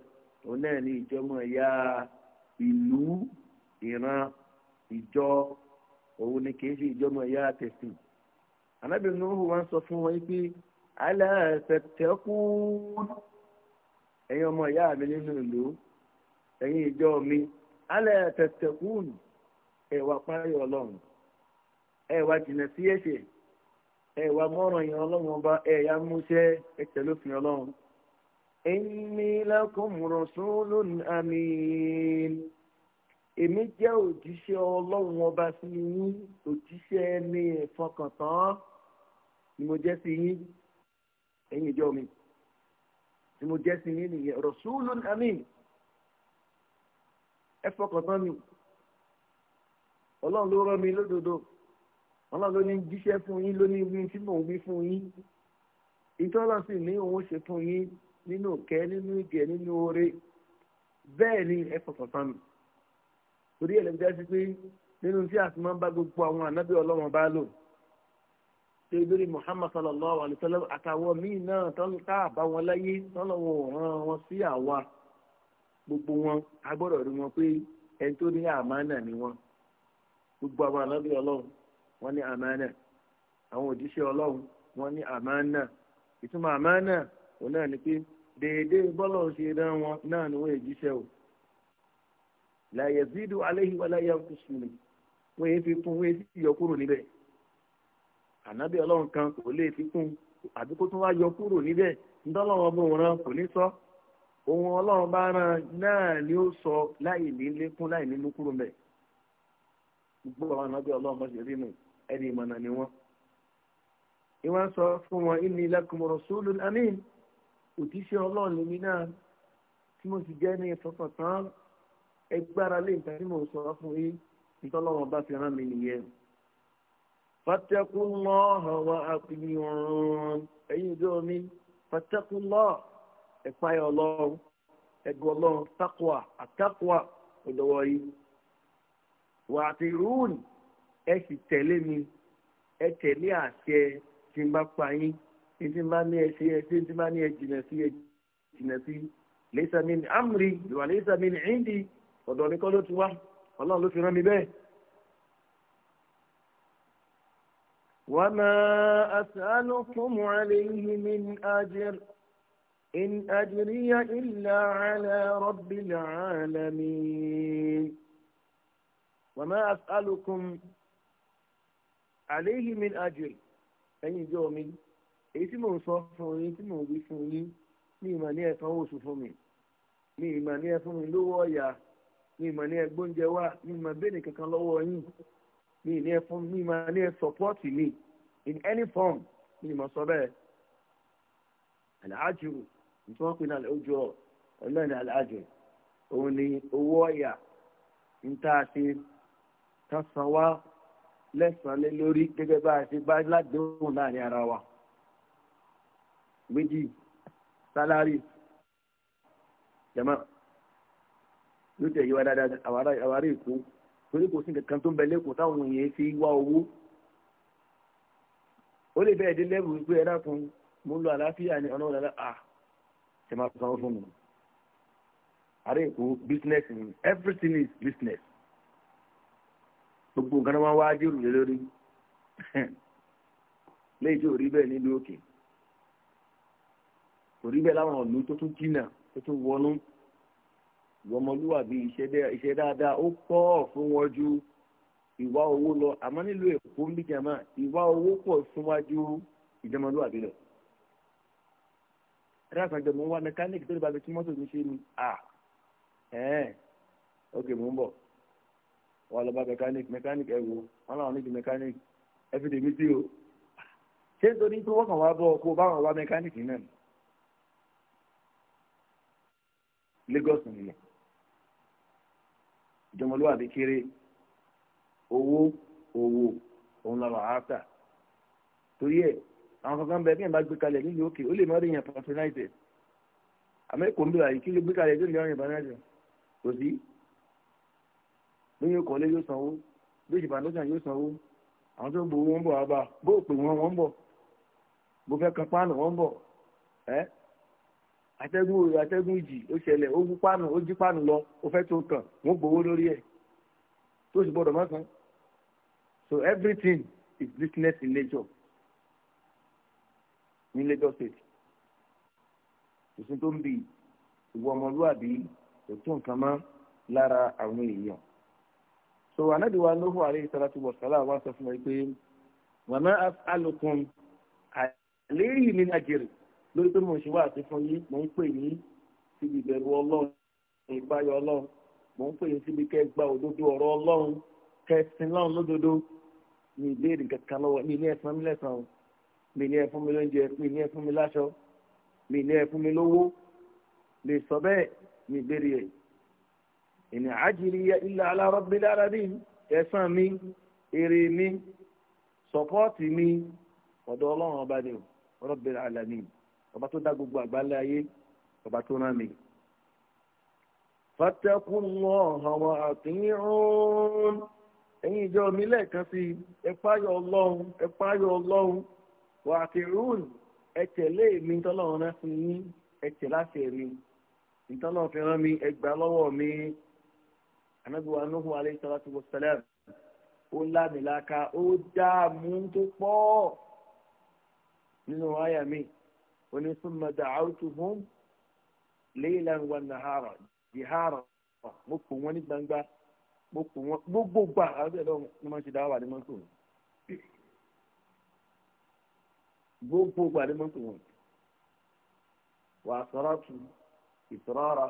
òun náà ni ìjọmọ ìyá ni kì í ṣe ìjọmọ ìyá tẹ̀sìn anábì wá ń sọ fún wọn pé ẹ̀yin ọmọ ìyá mi nínú ìlú ẹ̀yin ìjọ mi aláàtẹ̀tẹ̀kùn ẹ̀wà páyọ̀ ọlọ́run ẹ̀wà jìnnà sí ẹ̀ṣẹ̀ ẹ̀wà mọ́ràn yẹn ọlọ́run ọba ẹ̀yà múṣẹ́ ẹ̀tẹ̀ lófin ọlọ́run. inni lakum rasulun amin èmi jẹ́ òjíṣẹ́ ọlọ́run ọba sí yín òjíṣẹ́ ní ìfọkàntán ni mo jẹ́ sí yín ẹ̀yin ìjọ mi ni mo jẹ́ sí yín nìyẹn rasulun amin ẹ fọkàntán mi ọlọ́run ló rán mi lódodo ọlọ́run ló ní jíṣẹ́ fún yín ló ní wí tí mò ń wí fún yín ìtọ́lọ́ sì ní òun ṣe fún yín nínú ìkẹ́ nínú ìgẹ̀ nínú oore bẹ́ẹ̀ ni ẹ fọ̀fọ̀ sánmi torí ẹ̀ lẹ́gbẹ́ sí pé nínú tí a ti máa ń bá gbogbo àwọn ànábì ọlọ́run bá lò ṣe lórí Muhammad sallallahu alayhi wa sallam àtàwọn míì náà tó ń ká àbá wọn láyé tọ́lọ́wọ́ ràn wọn sí àwa gbogbo wọn a gbọ́dọ̀ rí wọn pé ẹni tó ní àmánà ni wọn. gbogbo àwọn ànábì ọlọ́run wọ́n ní àmánà àwọn òjíṣẹ́ ọlọ́run wọ́n ní àmánà ìtumọ̀ àmánà òun náà ni pé déédéé bọ́lọ̀ ṣe rán wọn náà ni wọ́n èjíṣẹ́ o la yazidu alayhi wa la yanqusu wọ́n fi kún wọ́n yé fi yọ níbẹ̀ ọlọ́run kan kò lè fi kún àbí kó tún níbẹ̀ sọ ohun ọlọ́run bá gbogbo àwọn ànábì ọlọ́run bọ́sẹ̀ rí nù ẹni ìmọ̀nà ni wọ́n. ìwọ́n sọ fún wọn inni lakum rasulun amin òjíṣẹ́ ọlọ́run lèmi náà tí mo sì jẹ́ ní ìfọkàntán ẹgbára lè nǹkan tí mo sọ fún yín ìtọ́lọ́wọ́n bá fi rán mi nìyẹn. fattaqullaha wa ati'un ẹ̀yin ìjọ mi fattaqullaha ẹ̀páyà ọlọ́run ẹ̀gbọ́ ọlọ́run taqwa àtàkùwà ọ̀dọ́wọ́ yìí. wà a ti ẹ sì tẹ̀lé mi ẹ tẹ̀lé àṣẹ tí n bá pa yín tí n bá ní ẹ ṣe tí n bá ní ẹ jìnà sí ẹ jìnà sí lẹ́sà mi ní ìwà lẹ́sà mi ní indi ọ̀dọ̀ ti wá ọlọ́run ló mi bẹ́ẹ̀. wàmẹ́ asálùkùn àléhìí mi àjò ẹ̀yìn ìjọ mi èyí tí mò sọ fún yín tí mò wí fún yín ní ìmọ̀ ní fún mi ní kankan in any form ni ma sọ bẹ́ẹ̀ àlàájù tí wọ́n pinnu ojú ọ̀ ọlọ́ọ̀ni òun ni a ká san wá lẹ́sàn-án lé lórí gẹ́gẹ́ bá a ṣe bá ládùúgbò láàrin ara wa méjì sálárì jama yóò tẹ̀ yí wa dáadáa àwárí èkó torí kò sí nǹkan tó ń bẹ lẹ́kọ̀ọ́ táwọn èèyàn fi wá owó ó lè bẹ́ẹ̀ dé lẹ́rù wípé ẹ dákun mo ń lo àlàáfíà ní ọ̀nà ọ̀nà à ṣe máa sanwó fún mi àárẹ̀ èkó business ni everything is business gbogbo nǹkan náà wọ́n wá jírù lé lórí léyìí tí ò rí bẹ́ẹ̀ nílùú òkè kò rí bẹ́ẹ̀ láwọn ìlú tó tún jìnnà tó tún wọnú ìwọmọlúwàbí iṣẹ́ dáadáa ó pọ̀ fún wọn ju ìwà owó lọ àmọ́ nílùú èkó ń bíjà máa ìwà owó pọ̀ síwájú ìjọmọlúwàbí lọ. ráàfin àjọmọ̀ wa mẹkáníìkì tó lè bá mi tún mọ́tò mi ṣe ni à ẹ́ẹ̀ ok mò ń bọ̀ wà lọ bá mechanic mechanic ẹ wo wọn làwọn níbi mechanic ẹ fi tèmi sí o ṣé nítorí pé wọ́n kàn wá bọ̀ kó báwọn wá mechanic náà Lagos nìyẹn ìjọmọlúwàbí kéré owó owó òun làwọn àáfà torí ẹ àwọn kankan bẹ́ẹ̀ bí ẹ bá gbé kalẹ̀ nílùú òkè ó lè má rí yẹn patronize amẹ́kọ̀ọ́ ń bẹ̀rẹ̀ àyíkí ló gbé kalẹ̀ nílùú òyìnbó náà kò sí bí yóò kọ́lé yóò sanwó bí ìbànújà yóò sanwó àwọn tó ń wọn bọ̀ wá bó pè wọn wọn bọ̀ bó fẹ́ kan páànù wọn bọ̀ ẹ́ atẹ́gùn òru atẹ́gùn ìjì ó ṣẹlẹ̀ ó wú páànù ó jí páànù lọ ó fẹ́ tó kàn wọ́n gbowó lórí ẹ̀ tó sì gbọ́dọ̀ má so everything is business in nature ní Lagos State òsín tó ń bì ìwọ ọmọlúwàbí ètò nǹkan mọ́ lára àwọn èèyàn so anabi wa nuhu alayhi salatu wa salam wa sọ fún mi pé wa ma as'alukum alayhi min ajrin lórí pé mo ń ṣe wá àti fún yín mo ń pè yín síbi ìbẹ̀rù ọlọ́run ìpayọ̀ ọlọ́run mo ń pè yín síbi kẹ́ òdodo ọ̀rọ̀ ọlọ́run kẹsìn lọ́run lódodo mi ìbéèrè kankan lọ́wọ́ mi ní ẹ̀sán mi lẹ́sàn-án mi ní ẹ̀fún mi lóúnjẹ mi ní ẹ̀fún mi láṣọ mi ní ẹ̀fún mi lówó lè sọ bẹ́ẹ̀ mi ìbéèrè yẹn ìní àjíríyá ilẹ̀ ala lára alamin ẹ̀sán mi èrè mi sọ̀pọ́ọ̀tì mi ọ̀dọ̀ ọlọ́run ọba ni rabbil alamin ọba tó dá gbogbo àgbálẹ̀ ayé ọba tó rán mi. fattaqullaha wa ati'un ẹ̀yin ìjọ mi lẹ́ẹ̀kan sí ọlọ́run mi tọ́lọ́run fún yín fi rán mi mi. ànábì wa Nuhu alayhi salatu wa salam ó lámìláka ó dààmú tó pọ̀ nínú àyà mi ó ní summa da'awtuhum laylan wa nahara jihara mo pò wọ́n gbangba mo pò wọ́n gbogbo gbà àwọn ẹ̀dọ́ ni wọ́n ti dá wà ní mọ́tò wọn gbogbo gbà ní mọ́tò wọn wà sọ́rọ́ tu ìsọ́rọ́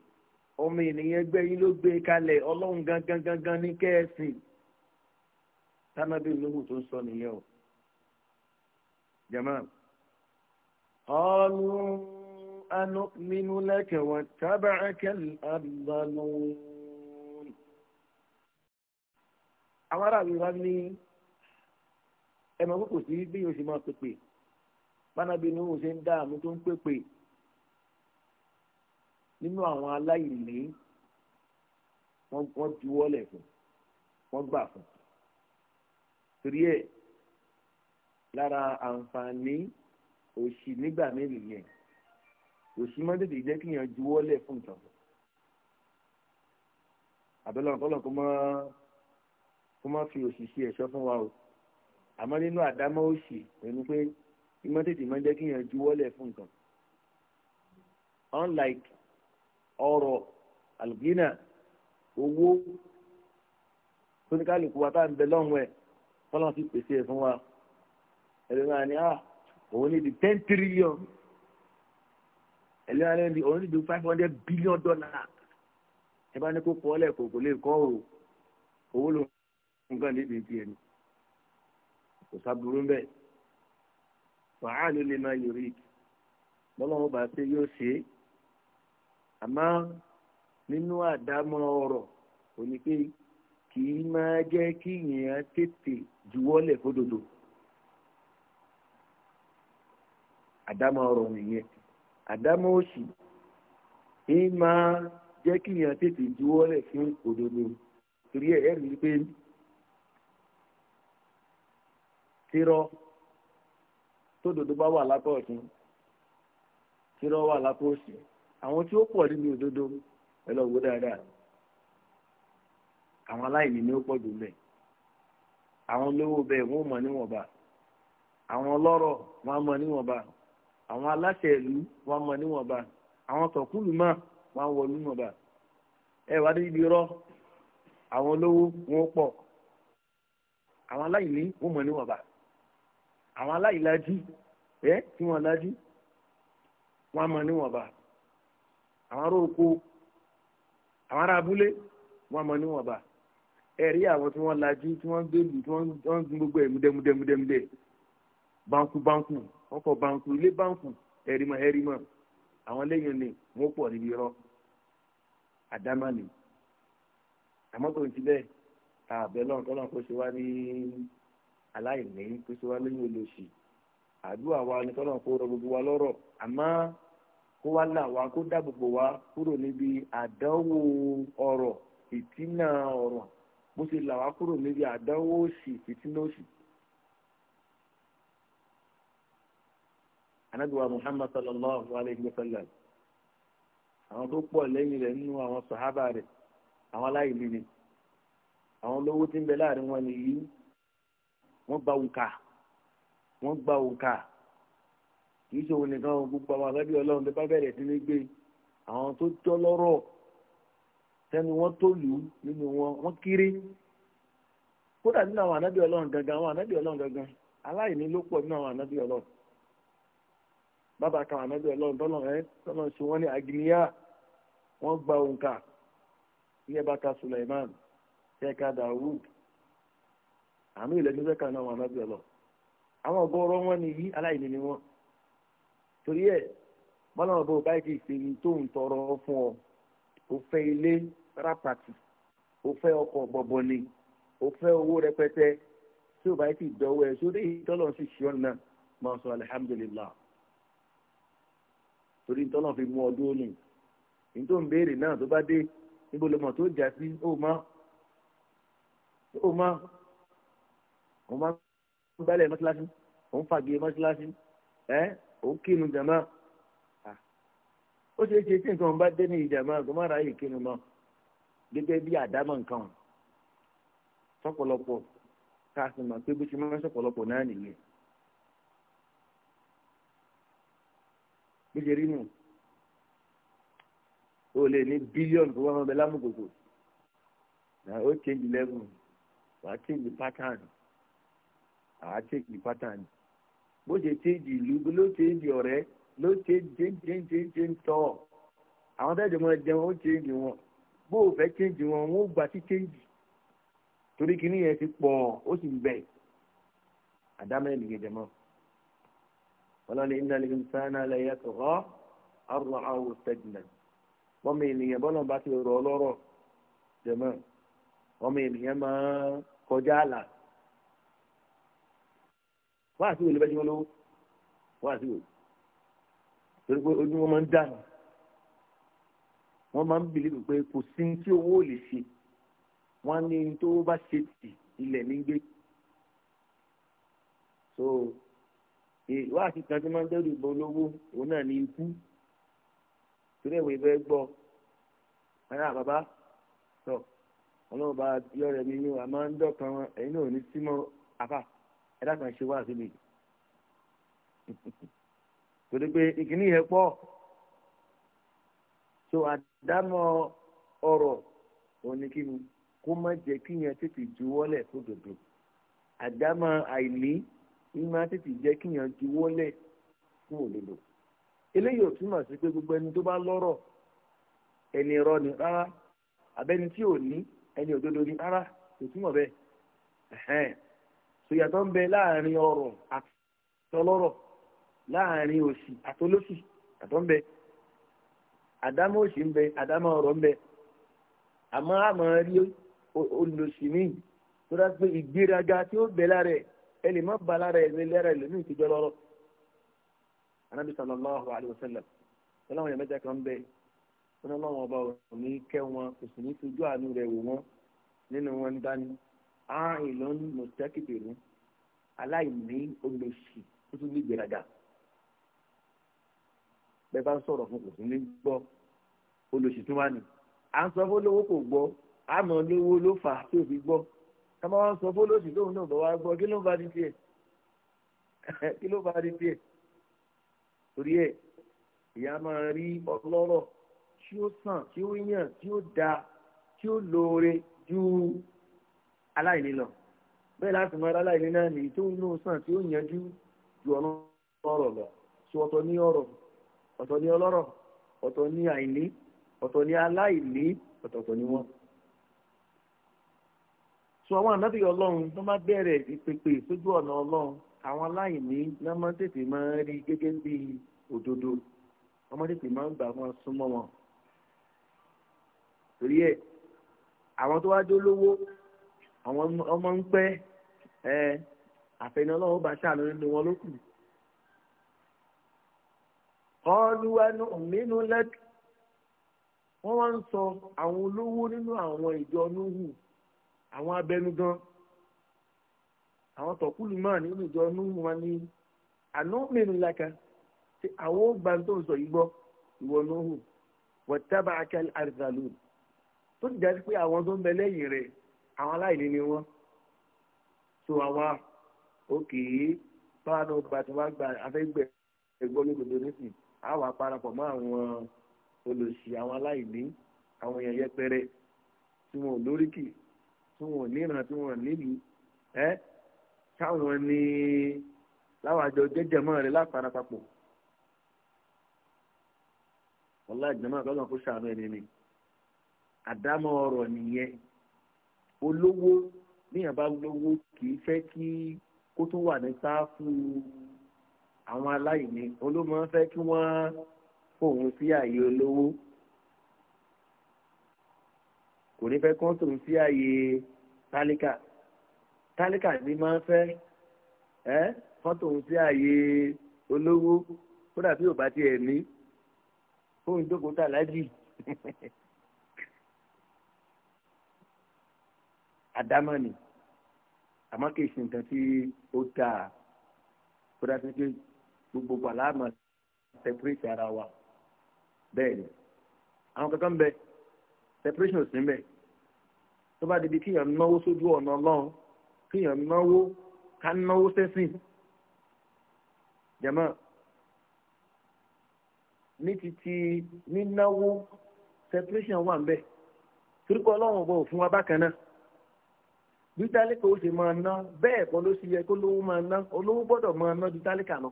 ọmọ ènìyàn gbẹ̀yìn ló gbé kalẹ̀ ọlọ́run gangan gangan ní tánábì lóhùn tó ń o jama ọlù àwọn aráàlú wa ní ẹ̀mọ́ kókò sí bí yóò ṣe máa pèpè lóhùn ṣe ń dáàmú tó ń pèpè. nínú àwọn aláìní wọ́n juwọ́lẹ̀ fún wọ́n gbà fún torí ẹ̀ lára àǹfààní òṣì nígbà mélòó yẹn òṣì máa tètè jẹ́ kíyàn juwọ́lẹ̀ fún ìtàn àbẹ́lẹ̀ ọ̀kọ́lọ̀ kó má kó má fi òṣì ṣe ẹ̀ṣọ́ fún wa o àmọ́ nínú àdámọ́ òṣì pẹ̀lú pé ìmọ̀ tètè máa jẹ́ kíyàn juwọ́lẹ̀ fún ìtàn unlike ọrọ̀ àlùgínà owó tóníkàlùkù wa tá à ń bẹ lọ́hùn ẹ̀ fọlọ́n ti pèsè ẹ̀ fún wa ẹlẹ́wọ̀n ni ah òun ní di ten trillion ẹlẹ́wọ̀n ni òun ní di five hundred billion dollar ẹ bá ní kó kọ́ ọ́lẹ̀ kò kò lè kọ́ o owó ló ń gbà níbi tiẹ̀ ni kò sábúrú ń bẹ̀ wàhálà ló lè máa yọrí bọ́lá wọn bá ṣe yóò ṣe é àmọ́ nínú àdámọ́ ọ̀rọ̀ ò ní pé kì í máa jẹ́ kí èèyàn tètè juwọ́lẹ̀ fódodo àdámọ́ ọ̀rọ̀ nìyẹn àdámọ́ òsì kì í máa jẹ́ kí èèyàn tètè juwọ́lẹ̀ fún òdodo torí ẹ̀ ẹ́ rí i pé tírọ́ tódodo bá wà lápá ọ̀tún tírọ́ wà lápá òsì àwọn tí ó pọ̀ nínú òdodo ẹ lọ wò dáadáa àwọn aláìní ni ó pọ̀ jù mẹ́ àwọn olówó bẹ́ẹ̀ wọ́n mọ̀ níwọ̀nba àwọn ọlọ́rọ̀ wọ́n mọ̀ níwọ̀nba àwọn aláṣẹ ìlú wọ́n mọ̀ níwọ̀nba àwọn tọ̀kúlù mọ́ wọ́n wọ níwọ̀nba ẹ wá dé ibi rọ àwọn olówó wọn pọ̀ àwọn aláìní wọ́n mọ̀ níwọ̀nba àwọn aláìlájú ẹ tí wọ́n lájú wọ́n mọ̀ níwọ̀nba àwọn ará oko àwọn ará abúlé wọn mọ níwọ̀nba ẹ̀rí àwọn tí wọ́n lajú tí wọ́n gbèlú tí wọ́n gun gbogbo ẹ̀ múdẹ́múdẹ́múdẹ́múdẹ́ báńkù báńkù ọkọ̀ báńkù ilé báńkù ẹ̀rìmọ̀ ẹ̀rìmọ̀ àwọn lẹ́yìn ni wọ́n pọ̀ níbi rọ àdámà ni àmọ́ kò ní ti bẹ́ẹ̀ àbẹ̀ lọ́n kọ́ kó ṣe wá ní aláìní kó ṣe wá lẹ́yìn olóṣì àdúrà wa ni kọ́ lọ́n kó rọ gbogbo wa lọ́rọ̀ àmọ́ kó wá là wá kó dáàbòbò wá kúrò níbi àdánwò ọ̀rọ̀ ìtínà ọ̀rọ̀ bó ṣe là wá kúrò níbi àdánwò òṣì ìtínà òṣì. anabiwa muhammad sallallahu alayhi wa sallam àwọn tó pọ̀ lẹ́yìn rẹ̀ nínú àwọn sàhábà rẹ̀ àwọn aláìlè ni àwọn olówó tí ń bẹ láàrin wọn nìyí wọ́n gba òǹkà wọ́n gba òǹkà kìí ṣòwò nìkan ohun gbogbo àwọn àgbẹ̀bí ọlọ́run tó bá bẹ̀rẹ̀ sí ní gbé àwọn tó jọ lọ́rọ̀ tẹnu wọn tó lù ú nínú wọn wọn kéré kódà nínú àwọn ànábì ọlọ́run gangan àwọn ànábì ọlọ́run gangan aláìní ló pọ̀ nínú àwọn ànábì ọlọ́run bàbá kan ànábì ọlọ́run tọ́nà ẹ tọ́nà ṣe wọ́n ní agniya wọ́n gba òǹkà iye bàtà Suleiman ṣẹ́ka Dawud àmì ìlẹ́gbẹ́sẹ̀ kan náà àwọn ànábì ọlọ́run àwọn ọgọ́rọ́ wọn ni yí aláìní ni wọ́n torí ẹ̀ bọ́lọ́mọ bó bá ti ṣe ní tó ń tọrọ fún ọ o fẹ́ ilé rápàtì o fẹ́ ọkọ̀ gbọ̀bọ̀ ni o fẹ́ owó rẹpẹtẹ tí o bá ti dọ̀wọ́ ẹ̀ sórí ìtọ́lọ̀ sì ṣe ọ̀nà máa sọ alihamudulilah torí ìtọ́lọ̀ fi mú ọdún òní ní tó béèrè náà tó bá dé níbo ló tó jà sí ó mọ́ ó mọ́ ó mọ́ ń gbálẹ̀ mọ́ṣáláṣí ó ń fàgé mọ́ṣáláṣí ẹ́ òun kínu jàmá ó ṣe é ṣe tí nǹkan bá dé ní ìjàmá kó má ráyè kínu mọ́ gẹ́gẹ́ bí àdámọ̀ nǹkan sọ́pọ̀lọpọ̀ ká sì mọ̀ pé bó ṣe máa ń sọ̀pọ̀lọpọ̀ náà nìyẹn. bó ṣe rí nù o lè ní bílíọ̀nù tó wá wọn bẹ lámùgògò na ó change level wàá change pattern àá change pattern bó ṣe chéjì ìlú ló chéjì ọ̀rẹ́ ló chéjì chéjì tọ́ àwọn tẹ́jọ́ máa jẹun ó chéjì wọn bó o fẹ́ chéjì wọn wọn ó gbà sí chéjì torí kíní yẹn ti pọ̀ ó sì ń bẹ̀ àdámẹ́ nìyẹn jẹmọ́ ọlọ́ni iná lè ń sáná lẹ́yẹ tọ̀họ́ ọ̀rọ̀ àwọn sẹ́jìnà bọ́mọ ènìyàn bọ́lọ̀ bá ti rọ̀ ọlọ́rọ̀ jẹmọ́ ọmọ ènìyàn máa kọjá àlà wá àti wò ló bẹ́ ṣe wọn lówó wá àti wò torí pé ojú wọn máa ń dànù wọn máa ń bìlíbù pé kò sí ní tí owó ò lè ṣe wọn ní tó bá ṣe tì ilẹ̀ ní gbé so wá àti kan tí máa ń dẹ́rù ìbọn olówó òun náà ní ikú torí ẹ̀wọ̀ ìfẹ́ gbọ́ ara bàbá sọ ọlọ́run bá yọ̀rẹ̀ mi ní àmọ́ ń dọ̀kan ẹ̀yin náà ò ní símọ́ àfà ẹ dákun ẹ ṣe wá sí mi torí pé ìkíní yẹn pọ̀ so àdámọ̀ ọ̀rọ̀ òní kí ni kó má jẹ́ kí yẹn tètè juwọ́lẹ̀ fódòdó àdámọ̀ àìní ní máa tètè jẹ́ kí yẹn juwọ́lẹ̀ fún òdodo eléyìí ò túmọ̀ sí pé gbogbo ẹni tó bá lọ́rọ̀ ẹni irọ́ ni rárá abẹ́ni tí ò ní ẹni òdodo ni rárá kò túmọ̀ bẹ́ẹ̀ ìyàtọ̀ ń bẹ láàrin ọrọ̀ àtọlọ́rọ̀ láàrin òṣì àtọlọ́sì àtọ̀ ń bẹ àdámọ́ òṣì ń bẹ àdámọ́ ọrọ̀ ń bẹ àmọ́ àmọ́ rí olùsì míì tó dá pé ìgbéraga tí ó bẹ lára ẹ̀ ẹ lè má ba lára ẹ̀ lára ẹ̀ lónìí ìtìjọ́ lọ́rọ̀ anábì sallallahu alayhi wa sallam ọlọ́run yẹn mẹ́ta kan bẹ wọn ọba òní kẹ́ wọn kò sì ní àrùn ìlọ́nù mọ̀tẹ́kìbìrún aláìní olóṣì tó tún ní ìgbéraga bẹ́ẹ̀ bá ń sọ̀rọ̀ fún kò tún ní gbọ́ olóṣì tún wá ní à ń sọ fún lówó kò gbọ́ àmọ́ lówó ló fà á tí ò fi gbọ́ ká máa ń sọ fún olóṣì lóhùn náà bọ̀ wá gbọ́ kí ló ń bá di tiẹ̀ kí ló bá di tiẹ̀ torí ẹ̀ ìyá máa rí ọlọ́rọ̀ tí ó sàn tí ó yàn tí ó dáa tí ó lóore ju aláìní lọ bẹ́ẹ̀ láti mọ aláìní náà nìyí tó ń tí ó yanjú ju ọ̀nà ọ̀rọ̀ lọ sí ọ̀tọ̀ ní ọ̀rọ̀ ọ̀tọ̀ ní ọlọ́rọ̀ ọ̀tọ̀ ní àìní ọ̀tọ̀ ní aláìní ọ̀tọ̀ọ̀tọ̀ ni wọn. sọ àwọn ànábì ọlọ́run tó má bẹ̀rẹ̀ ìpèpè ọ̀nà ọlọ́run àwọn aláìní náà tètè rí gẹ́gẹ́ bí òdodo wọ́n má tètè gbà wọn súnmọ́ wọn. torí àwọn tó wá àwọn ọmọ ń pẹ́ ẹ àfẹnà ọlọ́run bá ṣàánú nínú wọn ló kù. ọlùwẹ̀nu mínú lẹ́kì wọ́n wá ń sọ àwọn olówó nínú àwọn ìjọ núhù àwọn abẹnugan àwọn tọ̀kùlù máa nínú ìjọ núhù wọn ní àná mínú lẹ́kà tí àwọn ó gba tó ń sọ yìí gbọ́ ìwọ núhù wọ́n tábà akẹ́lẹ́ àrìsàlù tó ti dájú pé àwọn tó ń bẹ lẹ́yìn rẹ̀ àwọn aláìní ni wọ́n tó àwa òkè báwa náà gba tí wọ́n gba afẹ́gbẹ́ ẹgbọ́n ní gbogbo nísìn àwa parapọ̀ mọ́ àwọn olòṣì àwọn aláìní àwọn èèyàn yẹpẹrẹ tí wọn ò lóríkì tí wọn ò níran tí wọn ò nílùú ẹ táwọn ní láwàjọ jẹjẹmọ rẹ lápára ọlá ìjọba àgbàgbà kó ẹni ni àdámọ̀ ọ̀rọ̀ nìyẹn olówó níyàn bá lówó kì í fẹ́ kí kó tó wà ní sáfù àwọn aláìní olómọ fẹ́ kí wọ́n fòun sí ààyè olówó kò ní fẹ́ kí tòun sí ààyè tálíkà tálíkà ni máa ń fẹ́ ẹ́ wọ́n tòun sí ààyè olówó kódà bí ò tiẹ̀ ní fóun jókòó tà lájì Adamani ni àmọ́ kì í ṣe nǹkan tí ó ta kó dá sí pé gbogbo àlámọ̀ separate ara wa bẹ́ẹ̀ ni àwọn kankan ń bẹ separation sí ń bẹ tó bá débi kíyàn náwó sójú ọ̀nà ọlọ́run kíyàn náwó ká náwó sẹ́sìn jẹ̀mọ́ ní títí nínáwó separation wà ń bẹ torí pé ọlọ́run ọ̀bọ̀ òfin wa bákan náà bí tálíkà ó ṣe máa ná bẹ́ẹ̀ kọ́ ló ṣe yẹ kó lówó máa ná olówó gbọ́dọ̀ máa ná ju tálíkà lọ.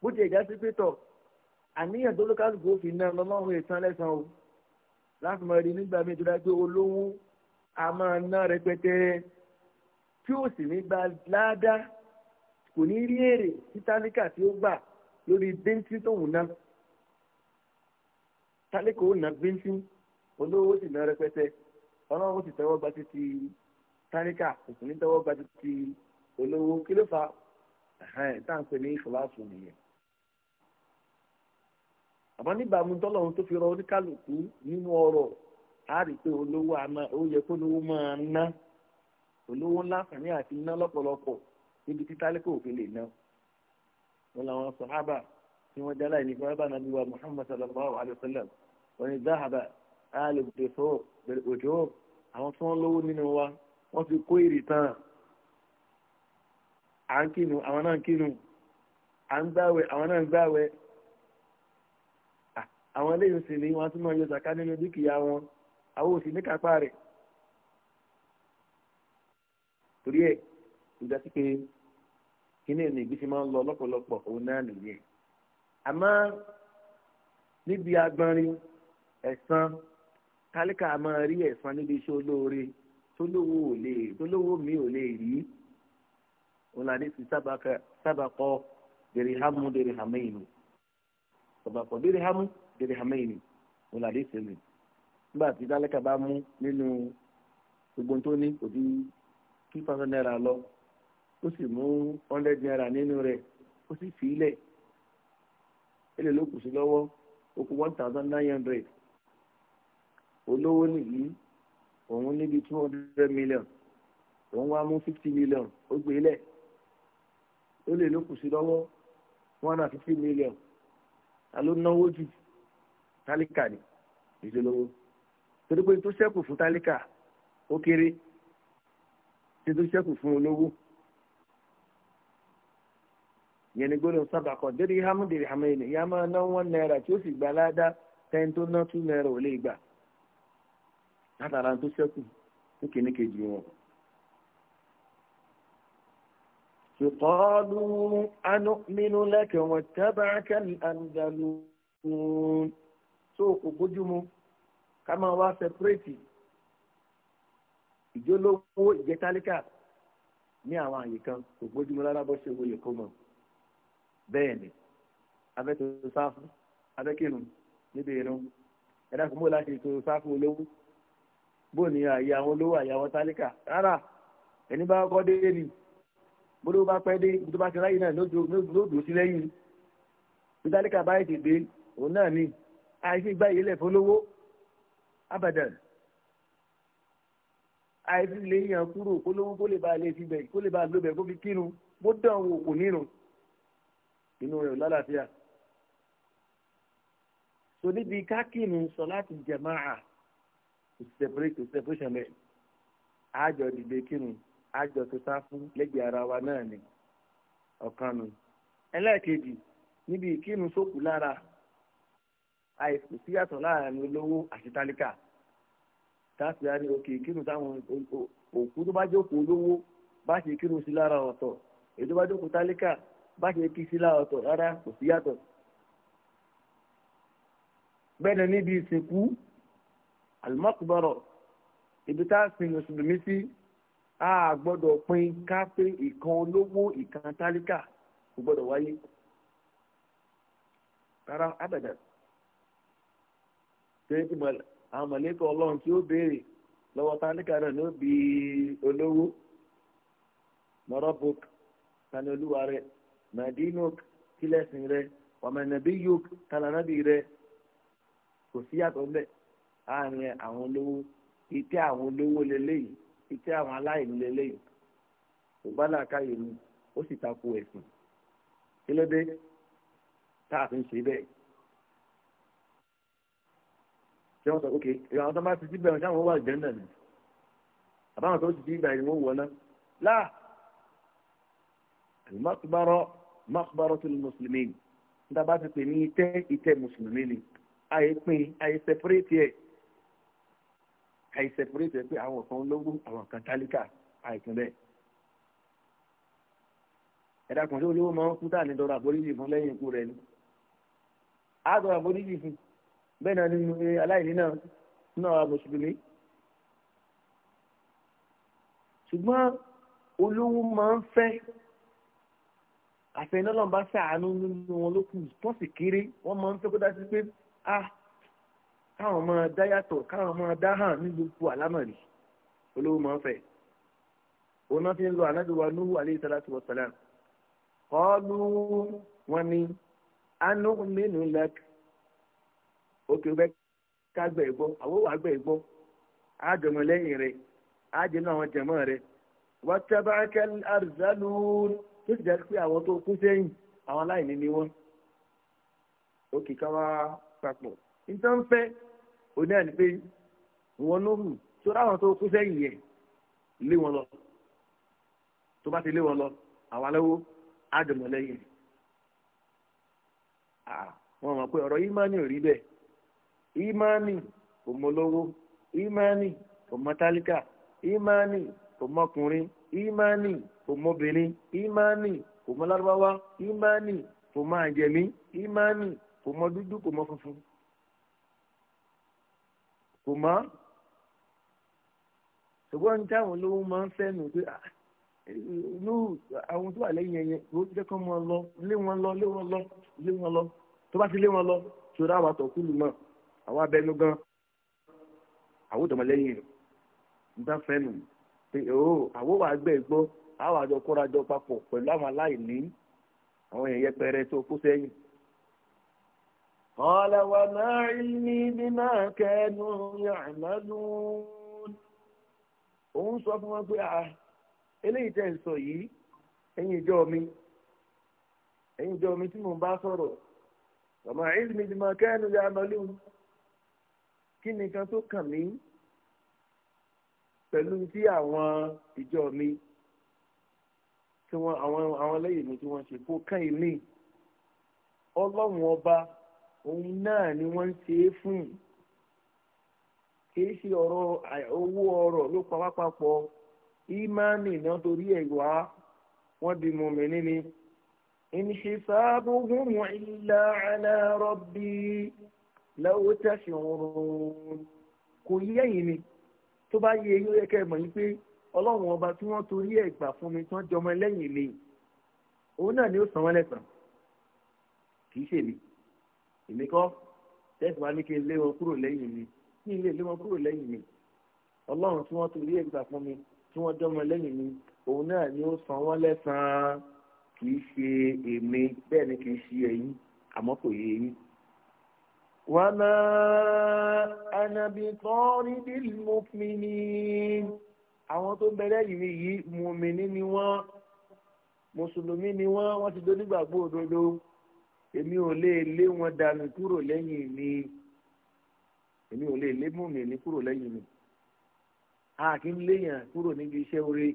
bó ti ẹ̀já sí pé tọ̀ àníyàn tó lókàlùkù ó fi ná lọ́lọ́run ìtàn lẹ́sàn-án o láti máa rí nígbà míì tó dá pé olówó a máa ná rẹpẹtẹ tí ó sì ní gba ládàá kò ní rí èrè tí tí ó gbà lórí bíntín tóun ná tálíkà ó ná bíntín olówó sì ná rẹpẹtẹ ọlọ́run ó sì tẹ́wọ́ gba títí táríkà kò sì ní tẹ́wọ́ gba títí olówó kí ló fa táǹpẹ̀ ní ìfọláṣù nìyẹn. àmọ́ níbàámu tọ́lọ́run tó fi rọ oníkálukú nínú ọ̀rọ̀ á rí i pé olówó ó yẹ kó lówó máa ná olówó ńlá fàní àti ná lọ́pọ̀lọpọ̀ níbi tí táríkà òfin lè ná. wọn làwọn sàhábà tí wọ́n dá láì ní fún abánabi wa muhammad sallallahu alayhi wa sallam wọn ni dáhàbà alùpùpù òjò àwọn tí wọ́n lówó nínú wa wọ́n ti kó èrè tán à ń kínú àwọn náà ń kínú à ń gbáwẹ̀ àwọn náà ń àwọn eléyìí sì ni wọ́n tún máa yọ zaka nínú dúkìá wọn àwọn ò sì sí tálíkà máa rí ẹ̀san níbi iṣẹ́ olóore tólówó ò lè tólówó mi ò lè rí ọ̀làdé ti sábàkọ dèrèhámù dèrèhámẹ́yìn sábàkọ dèrèhámù dèrèhámẹ́yìn ọ̀làdé sẹ́lẹ̀ nígbà tí tálíkà bá mú nínú gbogbo tó ní kò ju two thousand naira lọ ó sì mú hundred naira nínú rẹ̀ ó sì fi lẹ̀ èlé ló kù lọ́wọ́ ó one thousand nine hundred. olówó nìyí òun níbi two hundred million òun wá mú fifty million ó gbé e lẹ̀ ó lè sí lọ́wọ́ one hundred and fifty million ta ló náwó jù tálíkà ni ìṣòlówó torí pé tó fún tálíkà ó kéré tí tó fún olówó yẹn ni gbọ́dọ̀ sábà kan dérí hámúdèrè hámúdèrè yá máa ná one náírà tí ó sì gbà ládàá tó ná two ò látara tó ṣẹ́kù ní kìíní kejì wọn. فقالوا أنؤمن لك واتبعك الأنذلون so kò bójú mu ká máa wá sẹpẹrẹtì ìjólógbó ìjẹtálíkà ní àwọn àyè kan kò bójú mu rárá bó ṣe wo yẹ kó mọ bẹ́ẹ̀ ni abẹ́tò sáfù abẹ́kìnnù níbi ìrún ẹ̀dá kò mú láti ètò sáfù olówó bó ní àyè àwọn olówó àyè àwọn tálíkà rárá ẹni bá kọ́ dé ni bó ló bá pẹ́ dé tó bá ti ráyè náà lódò sí lẹ́yìn bí tálíkà bá ètè dé òun náà ni àìsí gbá ìyẹlẹ̀ fọlọ́wọ́ abadan àìsí lè yàn kúrò kólówó kó lè ba lè fi bẹ̀ kó lè ba lóbẹ̀ kó fi kírun bó dàn wò kò nírun inú rẹ̀ ò lálàáfíà so níbi kákìnnù sọ láti jẹ̀máà kò sí separate kò sí separation bẹ́ẹ̀ àjọ dìde kírun àjọ tó sá fún lẹ́gbẹ̀ẹ́ ara wa náà ni ọ̀kan nu ẹlẹ́ẹ̀kejì níbi ìkírun sókù lára àìsí síyàtọ̀ láàrin olówó àti tálíkà táàpì á ní òkè ìkírun táwọn òkú tó bá jókòó olówó bá ṣe kírun sí lára ọ̀tọ̀ èyí tó bá jókòó tálíkà bá ṣe kí sí lára ọ̀tọ̀ rárá kò síyàtọ̀ bẹ́ẹ̀ ni níbi ìsìnkú almakubaro ibi tá a sin a gbọdọ pin kafe ikan olowo olówó ìkan ko kò waye tara rárá abẹ̀dẹ̀ tẹ́lẹ̀ tí àwọn mọ̀lẹ́kọ̀ ọlọ́run tí ó béèrè lọ́wọ́ tálíkà náà ní ó olówó mọ́rọ́bùk tani olúwa rẹ̀ màdínùk rẹ rẹ̀ ọmọ kò sí àárín àwọn olówó ìtẹ́ àwọn olówó leléyìí ìtẹ́ àwọn aláìní leléyìí kò bá làákàyè mu ó sì tako ẹ̀sìn kí ló dé tá a fi ń ṣe bẹ́ẹ̀. ṣé wọ́n sọ ok ìwà àwọn tó bá ti síbẹ̀ wọn sáwọn wà jẹ́ńdà ni àbáwọn tó ti di ìgbà ìwọ̀n wọ̀ náà láà àlùmọ́kùbárọ̀ mọ́kùbárọ̀ tó lè mùsùlùmí nígbà bá ti pè ní ìtẹ́ ìtẹ́ mùsùlùmí ni àyè pín àyè sẹpẹ́rẹ́tì ẹ̀ àì separate pé àwọn kan lówó àwọn kan tálíkà àìsàn bẹ́ẹ̀. ẹ̀dá kan tó lówó máa ń kú táà ní dọ́rọ̀ àforíjì fún lẹ́yìn ikú rẹ̀ ni á dọ́rọ̀ àforíjì fún bẹ́ẹ̀ náà nínú aláìní náà nínú àwọn mùsùlùmí. ṣùgbọ́n olówó máa ń fẹ́ àfẹnulọ́n bá ṣàánú nínú wọn ló kù tó sì kéré wọ́n máa ń fẹ́ kó dá sí pé ah káwọn máa dá yàtọ̀ káwọn máa dá hàn ní gbogbo àlámọ̀rí olówó máa ń fẹ́ òun náà fi ń lo ànábì wa nuhu aleyhi salatu wa salam kọ́ọ́lù wọn ni anú mínú lẹ́k òkè bẹ́ẹ̀ ká gbẹ̀ gbọ́ àwọn wà gbẹ̀ gbọ́ àjọmọ lẹ́yìn rẹ̀ àjẹmọ àwọn jẹmọ rẹ̀ wọ́n tẹ́bà kẹ́lí àrùsálù tó ti jẹ́ pé àwọn tó kú sẹ́yìn àwọn aláìní ni wọ́n òkè ká papọ̀ nítorí fẹ́ onye a pé wọn ló hù tó ráwọn tó kú sẹ́yìn yẹn lé wọn lọ tó bá ti lé wọn lọ àwọn aláwo àdùnmọ̀ wọn mọ̀ pé ọ̀rọ̀ ìmánì ò rí bẹ́ẹ̀ ìmánì kò mọ lówó ìmánì kò mọ tálíkà ìmánì kò mọ ọkùnrin ìmánì kò mọ obìnrin ìmánì kò mọ lárúbáwá ìmánì kò mọ àjẹmí ìmánì kò mọ funfun. kò mọ́ ṣùgbọ́n ní táwọn olówó máa ń fẹ́ nù pé ah, àwọn tó wà lẹ́yìn ẹ̀yẹ kò jẹ́ kó mọ́ lọ lé wọn lọ lé wọn lọ lé wọn lọ tó bá ti lé wọn lọ ṣòro àwọn àtọ̀kùlù mọ́ àwọn abẹnú gan àwọn ń bá fẹ́ قال وما علمي بما كانوا يعملون òun sọ fún wọn pé à ah, eléyìí tẹ́ ń sọ yìí ẹ̀yin ìjọ mi ẹ̀yin ìjọ mi tí mò ń bá sọ̀rọ̀ ọmọ ìlmi bima ya ya'malun kí nìkan tó kàn mí pẹ̀lú tí àwọn ìjọ mi tí wọ́n àwọn àwọn lẹ́yìn mi tí wọ́n ṣe kó òun náà ni wọ́n ń ṣe é fún yìí kìí ṣe ọ̀rọ̀ owó ọ̀rọ̀ ló pa wá papọ̀ ìmánì náà torí ẹ̀ wá wọ́n di mùmíní ni. in hisabuhum illa ala rabbi law tash'urun kò yẹ yìí ni tó bá yẹ yóò yẹ kẹ́ ẹ mọ̀ yín pé ọlọ́run ọba tí wọ́n torí ẹ̀ gbà fún mi tí wọ́n jọmọ lẹ́yìn lè òun náà ni ó san wọ́n lẹ́san kì í ṣèlè èmi kọ́ tẹ́sí wa ní kí n lé wọn kúrò lẹ́yìn mi kí n lè lé wọn kúrò lẹ́yìn mi ọlọ́run tí wọ́n torí ẹ̀gbà fún mi tí wọ́n jọ́mọ lẹ́yìn mi òun náà ni ó san wọ́n lẹ́sàn-án kì í ṣe èmi bẹ́ẹ̀ ni kì í ṣe ẹ̀yin àmọ́ kò yé yín. وما أنا بطارد المؤمنين àwọn tó bẹ̀rẹ̀ yìí yìí mùmìnì ni wọ́n mùsùlùmí ni wọ́n wọ́n ti donígbàgbọ́ òdodo èmi ò lè lé wọn dànù kúrò lẹ́yìn mi èmi ò lè lé mùmí ní kúrò lẹ́yìn mi a kì í léyàn kúrò níbi iṣẹ́ orí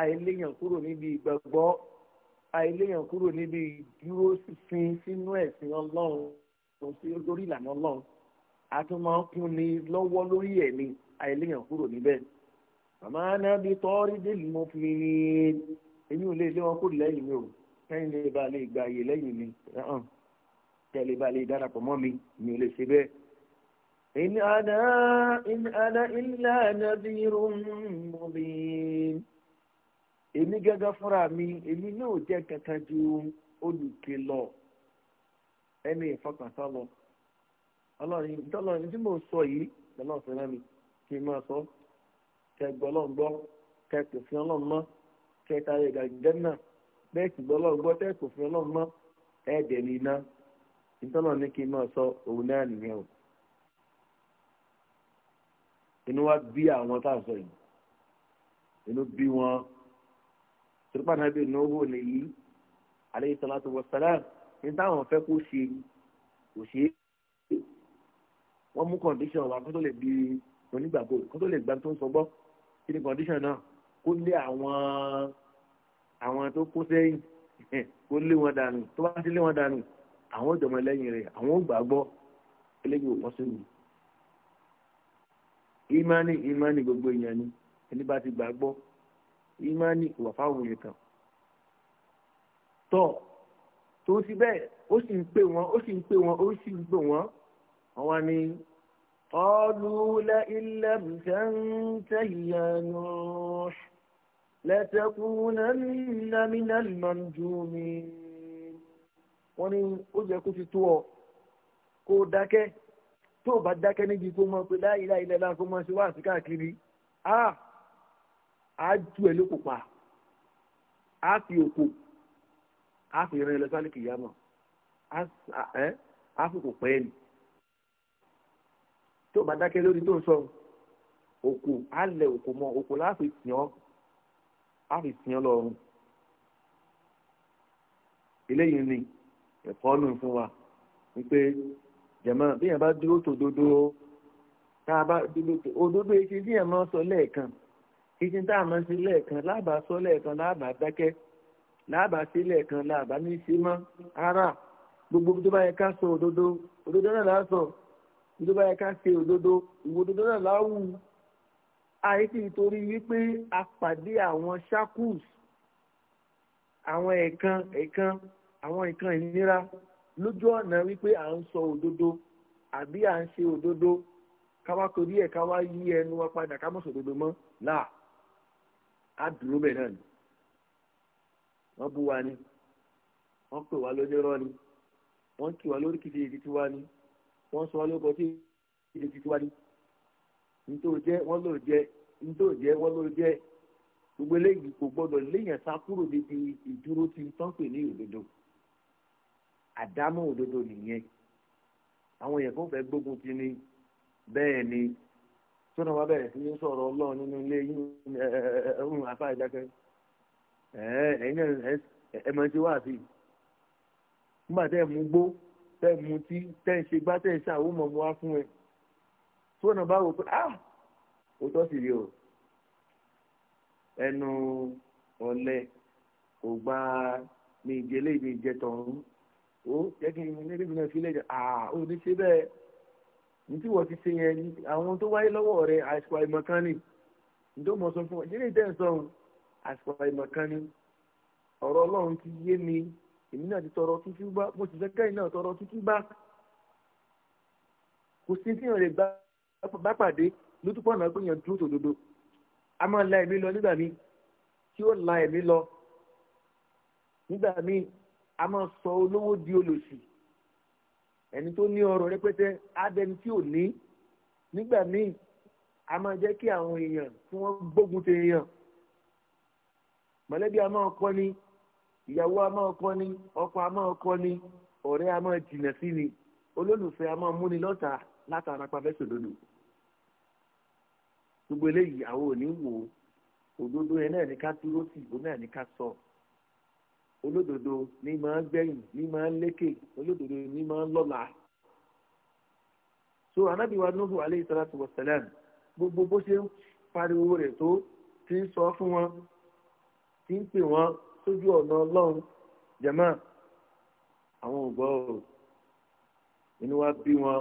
àìléyàn kúrò níbi ìgbàgbọ́ àìléyàn kúrò níbi ìdúró sísin sínú ẹ̀sìn ọlọ́run tó sí lórí ìlànà ọlọ́run a tún máa ń kún ni lọ́wọ́ lórí ẹ̀mí àìléyàn kúrò níbẹ̀ màmá náà bí tọ́rí délùú mọ́ fún mi ní èmi ò lè lé wọn kúrò lẹ́yìn mi o kẹ́yìn lè ba lè gba àyè lẹ́yìn mi ẹ̀hàn kẹ́yìn lè ba lè darapọ̀ mọ́ mi mi ò lè ṣe bẹ́ẹ̀. in ana in ana illa nadhirun mubin. èmi gẹ́gẹ́ fúnra mi èmi náà jẹ́ kankan ju olùkìlọ̀ ẹni ìfọkànsá lọ. ọlọ́run ìtọ́lọ́run tí mo sọ yìí lọ́lọ́run fẹ́ràn mi kí n máa sọ kẹ́ gbọ́ lọ́n gbọ́ kẹ́ pèsè ọlọ́run mọ́ kẹ́ tayé ìdàgbẹ́ náà bẹ́ẹ̀ sì gbọ́ lọ́rùn gbọ́ tẹ́ kò fi ọlọ́run mọ́ ẹ̀ẹ́dẹ̀ ní iná ìtọ́nà ní kí n máa sọ òun náà nìyẹn o inú wa bí àwọn tá a sọ yìí inú bí wọn tìrìpá náà bí ìnáwó nìyí alayhi salatu wa salam ní táwọn fẹ́ kó ṣe kò ṣe é wọ́n mú kọ̀ǹdíṣàn wa kó tó lè di onígbàgbọ́ kó tó lè gbà tó ń sọ gbọ́ kí ni kọ̀ǹdíṣàn náà kó lé àwọn àwọn tó kó sẹ́yìn kó lé wọn dànù tó bá ti lé wọn dànù àwọn ìjọba lẹ́yìn rẹ̀ àwọn ò gbàgbọ́ eléyìí ò pọ́sí mi. ìmánì ìmánì gbogbo èèyàn ni ẹni bá ti gbàgbọ́ ìmánì wà fáwọn èèyàn kan. tọ́ tó ti bẹ́ẹ̀ ó sì ń pè wọ́n ó sì ń pè wọ́n ó sì ń pè wọ́n àwọn ni. قالوا لئن لم تنته يا نوح لتكونن من الممجومين wọ́n ní ó jẹ́ kó ti tó ọ kó dákẹ́ tó bá dákẹ́ níbi kó mọ̀ pé láyé láyé lẹ́la kó mọ̀ sí wá sí káàkiri á á ju ẹ̀ lóko pa á fi òkò á fi rìn lọ sálẹ̀ kìyàmọ̀ á fi kò pẹ́ ẹ̀ nì tó bá dákẹ́ lórí tó ń sọ òkò á lẹ̀ òkò mọ́ òkò láàfin tì ọ́ á fi sìn eléyìí ni fún wa wípé jẹ̀mọ́ bí yẹn bá dúró tòdodo tá a bá dúró tó òdodo etí tí yẹn máa sọ lẹ́ẹ̀kan etí tá a máa sí lẹ́ẹ̀kan láàbà sọ lẹ́ẹ̀kan láàbà dákẹ́ ní ara gbogbo tó bá sọ òdodo òdodo náà bá yẹ ká òdodo náà àìsí nítorí wípé a pàdé àwọn shakus àwọn ẹ̀kan ẹ̀kan àwọn ẹ̀kan ìnira lójú ọ̀nà wípé à ń sọ òdodo àbí à ń ṣe òdodo káwá torí ẹ̀ káwá yí ẹnu wa padà ká mọ̀ sòdodo mọ́ là á dúró bẹ̀ náà ni wọ́n bú wa ni wọ́n pè wá lónírọ́ ni wọ́n kì wá lórí kìdí tiwa ni wọ́n sọ wá lóko tí èdè tiwa ni. nítorí jẹ́ wọ́n ló jẹ́ nítorí jẹ́ ló gbogbo eléyìí kò gbọ́dọ̀ léèyàn sá kúrò níbi ìdúró tí ń tán pè ní òdodo àdámọ́ òdodo nìyẹn àwọn èèyàn kan gbógun ti ni bẹ́ẹ̀ ni tí náà wá bẹ̀rẹ̀ sí ní nínú ilé yín afá ti wá sí i nígbà mú gbó mú tí tẹ́ ẹ̀ ṣe gbá tẹ́ fún tó náà bá wò pé ah òótọ́ sì rí o ẹnu ọ̀lẹ kò gba mi ìjẹlé mi ìjẹ tọ̀hún ó jẹ́ kí n níbi náà fi lẹ́jọ́ ah ó ní ṣe bẹ́ẹ̀ ní tí wọ́n ti ṣe yẹn àwọn tó wáyé lọ́wọ́ rẹ̀ àìsàn àìmọ̀ kan ni ǹdó mo sọ fún ọ jírí tẹ́ ń sọ ohun àsìkò àìmọ̀ kan ni ọ̀rọ̀ ọlọ́run ti yé mi èmi náà ti tọrọ tútú bá mo sì fẹ́ kẹ́yìn náà tọrọ tútú bá kò sí tí yàn lè gbá bá pàdé lótúpọ̀ náà pé yẹn dúró tòdodo a máa la ẹ̀mí lọ nígbà míì tí ó la ẹ̀mí lọ nígbà míì a máa sọ olówó di olòṣì ẹni tó ní ọrọ̀ rẹpẹtẹ abẹni tí ò ní nígbà míì a máa jẹ́ kí àwọn èèyàn tí wọ́n gbógun ti èèyàn mọ̀lẹ́bí a máa kọ́ ni ìyàwó a máa kọ́ ni ọkọ a máa kọ́ ni ọ̀rẹ́ a máa jìnà sí ni olólùfẹ́ a máa múni lọ́tàá látara pa fẹsẹ̀ òdodo gbogbo eléyìí àwọn òní wò òdodo yẹn náà ní ká dúró sí òun náà ní ká sọ olódodo ní máa gbẹ̀yìn ní máa lékè olódodo ní máa lọ́lá so anábìwá nuhu aleyhi salatu wa salam gbogbo bó ṣe ń pariwo rẹ̀ tó ti ń sọ fún wọn ti ń pè wọn sójú ọ̀nà ọlọ́run jẹ̀mọ́ àwọn ò inú wa bí wọn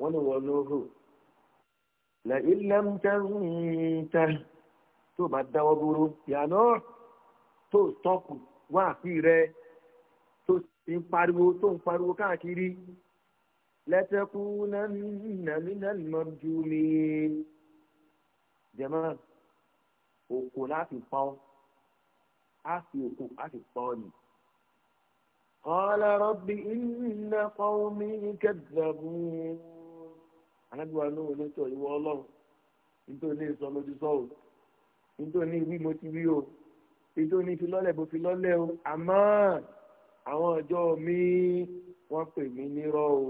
wọ́n ní wọ́n lóhùn la ilẹ̀m tẹ́hùntẹ́ tó bá dáwọ́ dúró yàrá tó tọ́kù wá sí rẹ tó ti ń pariwo tó ń pariwo káàkiri lẹ́tẹ̀kùn nàmínà jẹ́mọ́ òkú láti pa ọ́ á fi òkú á pa ọ́ nìyí. قال رب إن قومي كذبون anábíwá lóhùn onítọ̀ ìwọ ọlọ́run nítorí ní ìsọ lójú sọ́ọ̀ nítorí ní wí mo ti wí o nítorí ní fi lọ́lẹ̀ bó fi lọ́lẹ̀ o àmọ́ àwọn ọjọ́ mi wọ́n pè mí nírọ́ o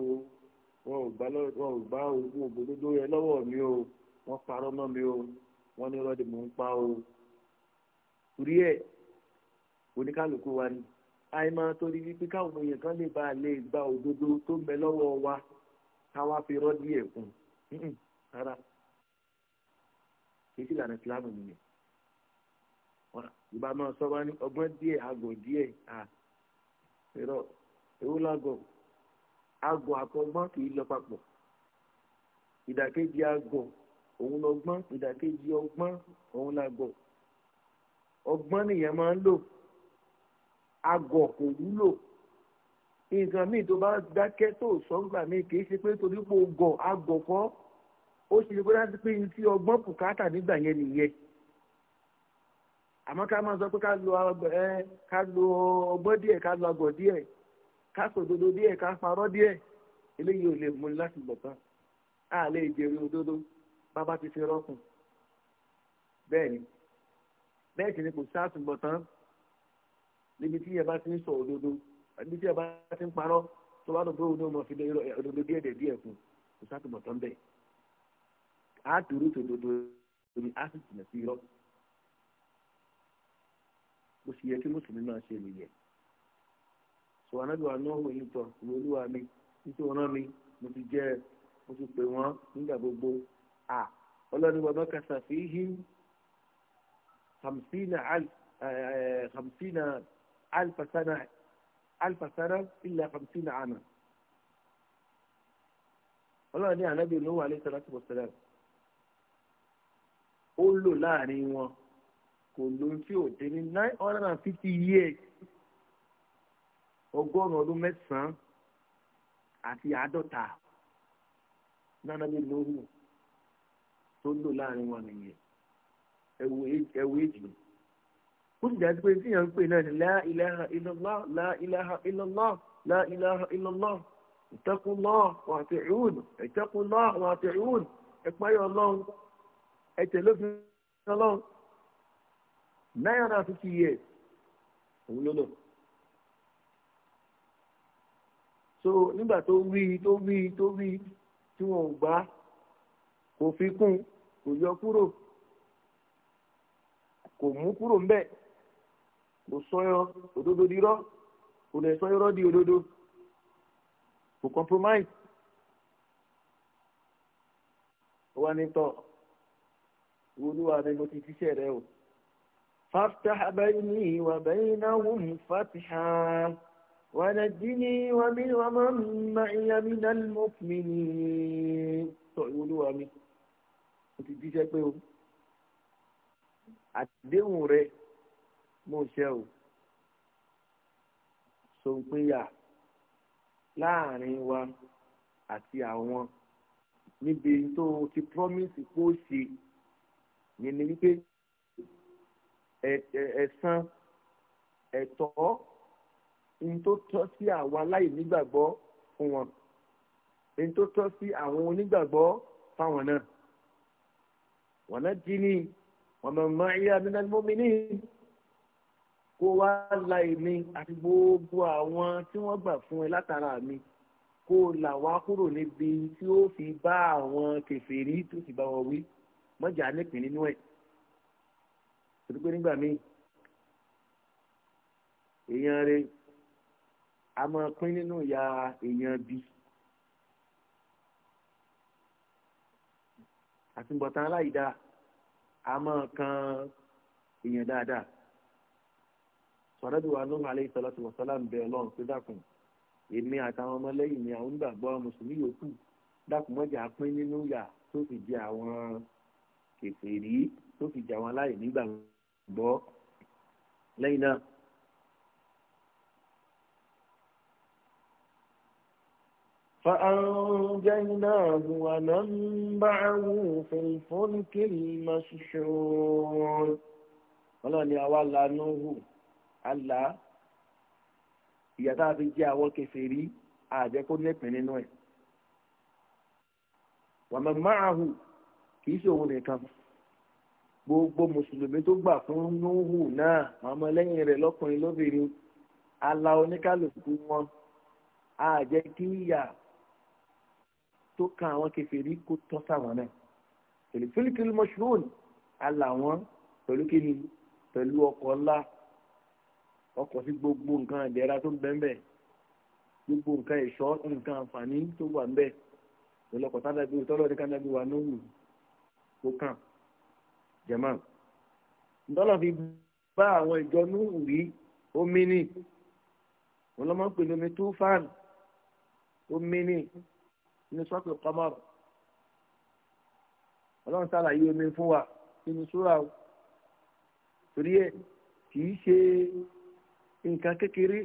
wọn ò gbá wọn ò gbá owó ògbólógbó yẹn lọ́wọ́ mi o wọ́n parọ́ mọ́ mi o wọ́n nírọ́ ni mò ń pa o torí ẹ̀ oníkálukú wa ni àìmọ́ torí wípé káwọn èèyàn kan lè ba lè gba òdodo tó ń bẹ lọ́wọ́ wa káwá fi rọ́ díẹ̀ kún rárá kìí sí ìlànà ìsìlámù nìyẹn ìbá máa sọ wá ní ọgbọ́n díẹ̀ àgọ̀ díẹ̀ à ìrọ̀ ewu lágọ̀ àgọ̀ àtọgbọ́n kìí lọ papọ̀ ìdàkejì àgọ̀ òun lọgbọ́n ìdàkejì ọgbọ́n òun làgọ̀ ọgbọ́n nìyẹn máa ń lò àgọ̀ kò wúlò nǹkan míì tó bá dákẹ́ tó sọ́ngbà míì kì í ṣe pé torí pé o gọ̀ agọ̀ kọ́ ó ṣe pé láti pé ibi tí ọgbọ́n bùkátà nígbà yẹn nìyẹn àmọ́ ká máa sọ pé ká lo ọgbọ́n díẹ̀ ká lo agọ̀ díẹ̀ ká sòdodo díẹ̀ ká parọ́ díẹ̀ eléyìí ò lè mú láti gbọ̀tán á lè jèrè òdodo bàbá ti fi rọ́kùn bẹ́ẹ̀ ni bẹ́ẹ̀ sì ni kò sáà tún gbọ̀tán níbi tí yẹn bá ti ń sọ òdodo ẹbí tí ẹ bá ti ń parọ́ tó bá dùn pé òun náà mọ̀ fi lé òdodo díẹ̀ dẹ̀ díẹ̀ fún kò sátìmọ̀ tán bẹ́ẹ̀ á torí tòdodo torí á sì tìmọ̀ sí irọ́ bó ṣe yẹ kí mùsùlùmí náà ṣe nìyẹn sọ anábìwá náà wò yín tọ ìwé olúwa mi nítorí wọn mi mo ti jẹ mo ti pè wọn nígbà gbogbo à ọlọ́ni bàbá kàṣà fi hí hamsina eh, eh, alfasana alfa sana illa khamsina àmà ọlọ́run ní ànábì ló wà ní sọ́dọ̀tì wọ̀sẹ̀lẹ̀ ó lò láàrin wọn kò lóyún tí ò dé ní nine hundred and fifty years ọgọ́rùn-ún ọdún mẹ́sàn-án àti àádọ́ta nánàbí lóhùn tó lò láàrin wọn nìyẹn ẹ̀wù èjì lò ó sì dájú pé tí yàn ń pè náà ní la ilaha illallah la ilaha illallah la ilaha illallah ittaqullah wa ati'un ittaqullah wa ati'un ẹ̀páyọ̀ ọlọ́run ẹ̀tẹ̀ ló fi ọlọ́run náírà fifty years òun ló lò. so nígbà tó wí tó wí tó wí tí wọn ò gbà kò fi kún kò yọ kúrò kò mú kúrò ńbẹ̀ mo sọyọ òdodo dirọ kò lè sọ irọ́ di òdodo kò compromise ó wá ní tọ́ olúwa mi mo ti ṣiṣẹ́ rẹ o فافتح بيني وبينهم فتحا ونجني ومن ومن معي من المؤمنين tọ́ olúwa mi mo ti ṣiṣẹ́ pé o àdéhùn rẹ mo ṣe o so ń pínyà láàrin wa àti àwọn níbi tó ti promise pé ó ṣe yẹn ni wípé ẹ̀san ẹ̀tọ́ ní tó tọ́ sí àwọn aláìnígbàgbọ́ fún wọn ní tó tọ́ sí àwọn onígbàgbọ́ fáwọn náà wọn náà jí ní wọn mọ̀ mọ́ ẹ̀yà nínú mọ́mí níyì kó wá la èmi àti gbogbo àwọn tí wọ́n gbà fún ẹ látara mi kó là wá kúrò níbi tí ó fi bá àwọn kèfèrí tó sì bá wọn wí mọ́jà nípìn nínú ẹ̀ torí pé nígbà míì èèyàn rẹ a máa pín nínú ìyá èèyàn bíi. àti aláìda a máa kan èèyàn dáadáa fàdájú wa nínú alẹ́ ìsọ̀lá tí wọ́n sọ́lá ń bẹ ọlọ́run pé dákun èmi àtàwọn ọmọlẹ́yìn mi àwọn onígbàgbọ́ mùsùlùmí yòókù dákun mọ́jà pín nínú yà tó fi jẹ àwọn kèfèrí tó fi jẹ àwọn aláìní gbàgbọ́ lẹ́yìn náà. فأنجيناه ومن معه في الفلك المشحون. ọlọ́run ni àwa àlá ìyà tá a fi jẹ àwọn kèfèrí àjẹkó nẹpẹ nínú ẹ wàmẹ márùn kì í ṣe òun nìkan gbogbo mùsùlùmí tó gbà fún núhù náà màmá lẹ́yìn rẹ̀ lọ́kùnrin lóbìnrin àlá oníkálùkù wọn àjẹ kí ìyà tó kan àwọn kèfèrí kó tọ́ sáwọn náà tẹlifílìkìlì mọṣúrún àlà wọn pẹ̀lú kíni pẹ̀lú ọkọ̀ ńlá ọkọ̀ sí gbogbo nǹkan ìdẹ́ra tó ń bẹ ń bẹ gbogbo nǹkan ìṣọ́ nǹkan àǹfààní tó wà ń bẹ lọ́lọ́kọ̀ tádàbí tọ́lọ́ ní kádàbí wa ló wù tó kàn jẹ̀mọ́ ntọ́lọ́ fi bá àwọn ìjọ núhù rí omi ní wọn lọ́mọ́ pè lómi tó fàn omi ní ní sọ́ọ̀tù kọ́mọ́rù ọlọ́run ṣàlàyé omi fún wa nínú súra torí ẹ̀ kì í ṣe nǹkan kékeré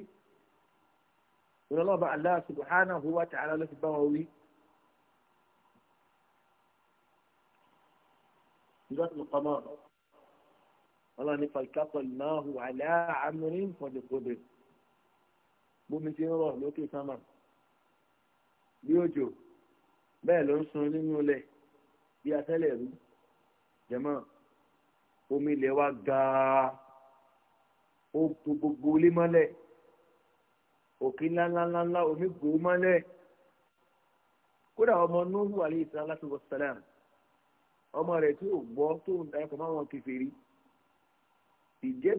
ìrọlọ́ba Allah subhanahu wa ta'ala ló fi bá wọn wí. ìjọ tó kọ́ mọ́ ọlọ́run ní falkapọ̀ náà wà láàárín pọ̀jùpọ̀jù bómi ti ń rọ̀ lókè sánmà bí òjò bẹ́ẹ̀ ló ń sun nínú ilẹ̀ bí atẹ́lẹ̀ rú jẹ̀mọ́ omi ilẹ̀ wa gáà o bo gbogbo ilé mọ́lẹ̀ òkè ńláńláńlá omi gbòó mọ́lẹ̀ kódà ọmọ nuhu alayhi salatu wa salam ọmọ rẹ̀ tí ò gbọ́ tó ń darapọ̀ mọ́ àwọn kèfèrí ìjẹ́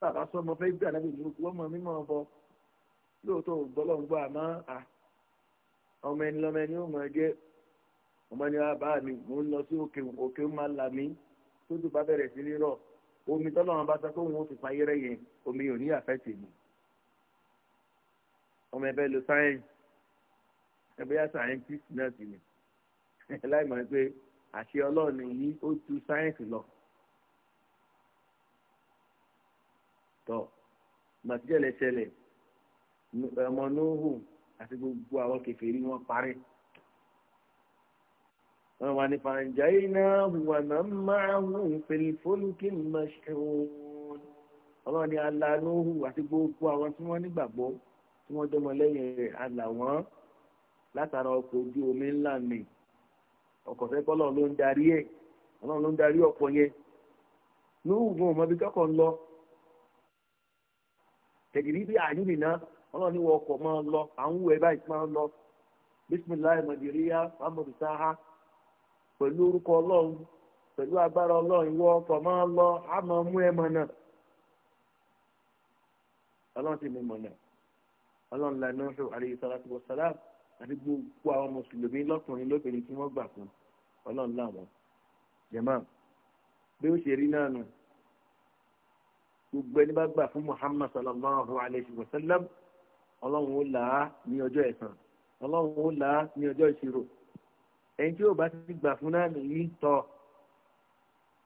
bàbá sọmọ fẹ́ gbé ànábì nínú wọ́n mọ̀ mímọ́ ọ̀bọ lóòótọ́ ò gbọ́ lọ́ngbọ́ àmọ́ à ọmọ ẹni lọ́mọ ẹni ó mọ̀ jẹ́ ọmọ ẹni bàbá mi mò ń lọ sí òkè òkè ń máa là mí tó dùn bá bẹ̀rẹ̀ sí ní rọ̀ omi tọ́lọ́run bá sọ pé òun ó fi fayé rẹ̀ yẹn omi ò ní àfẹ́tì mi ọmọ ẹ̀bẹ̀ lo sáyẹ́ǹsì ẹ̀bẹ̀ yá sáyẹ́ǹtìsì náà sì ni láì mọ̀ pé àṣẹ ọlọ́run yìí ó ju sáyẹ́ǹsì lọ. tọ́ màtíjẹ́lẹ̀ ṣẹlẹ̀ ọmọ nóhùn àti gbogbo àwọn kẹfẹ́ rí wọn parí wọn wà ní fàǹjà iná wà náà máa ń fèlè fólúkì mẹ́ṣẹ̀rún ọlọ́run ni alánúhù àti gbogbo àwọn tí wọ́n nígbàgbọ́ tí wọ́n dọ́mọ lẹ́yìn rẹ̀ alà wọ́n látara ọkọ̀ ojú omi ńlá mi ọkọ̀ fẹ́ kọ́ ọlọ́run ló ń darí ẹ̀ ọlọ́run ló ń darí ọkọ̀ yẹn lóhùn gan ọmọ ibi kọ́kọ́ ń lọ tẹ̀gìrì bí àyù nìna ọlọ́run ní wọ́n ọkọ̀ máa ń lọ àwọn pẹ̀lú orúkọ ọlọ́run pẹ̀lú agbára ọlọ́run ìwọ ọkọ̀ máa ń lọ á máa mú ẹ mọ̀ náà ọlọ́run ti mú mọ̀ náà ọlọ́run la náà sọ àlejò sàlátì wọ sàlám àti gbogbo àwọn mùsùlùmí lọ́kùnrin lóbìnrin tí wọ́n gbà fún ọlọ́run láwọn jẹ̀mọ́ bí ó ṣe rí náà nù gbogbo ẹni bá gbà fún muhammad sallallahu alayhi wa sallam ọlọ́run ó là á ní ọjọ́ ẹ̀san ọlọ́run ó là á ní ọjọ́ ìṣirò ẹni tí yóò bá ti gbà fún náà nìyí tọ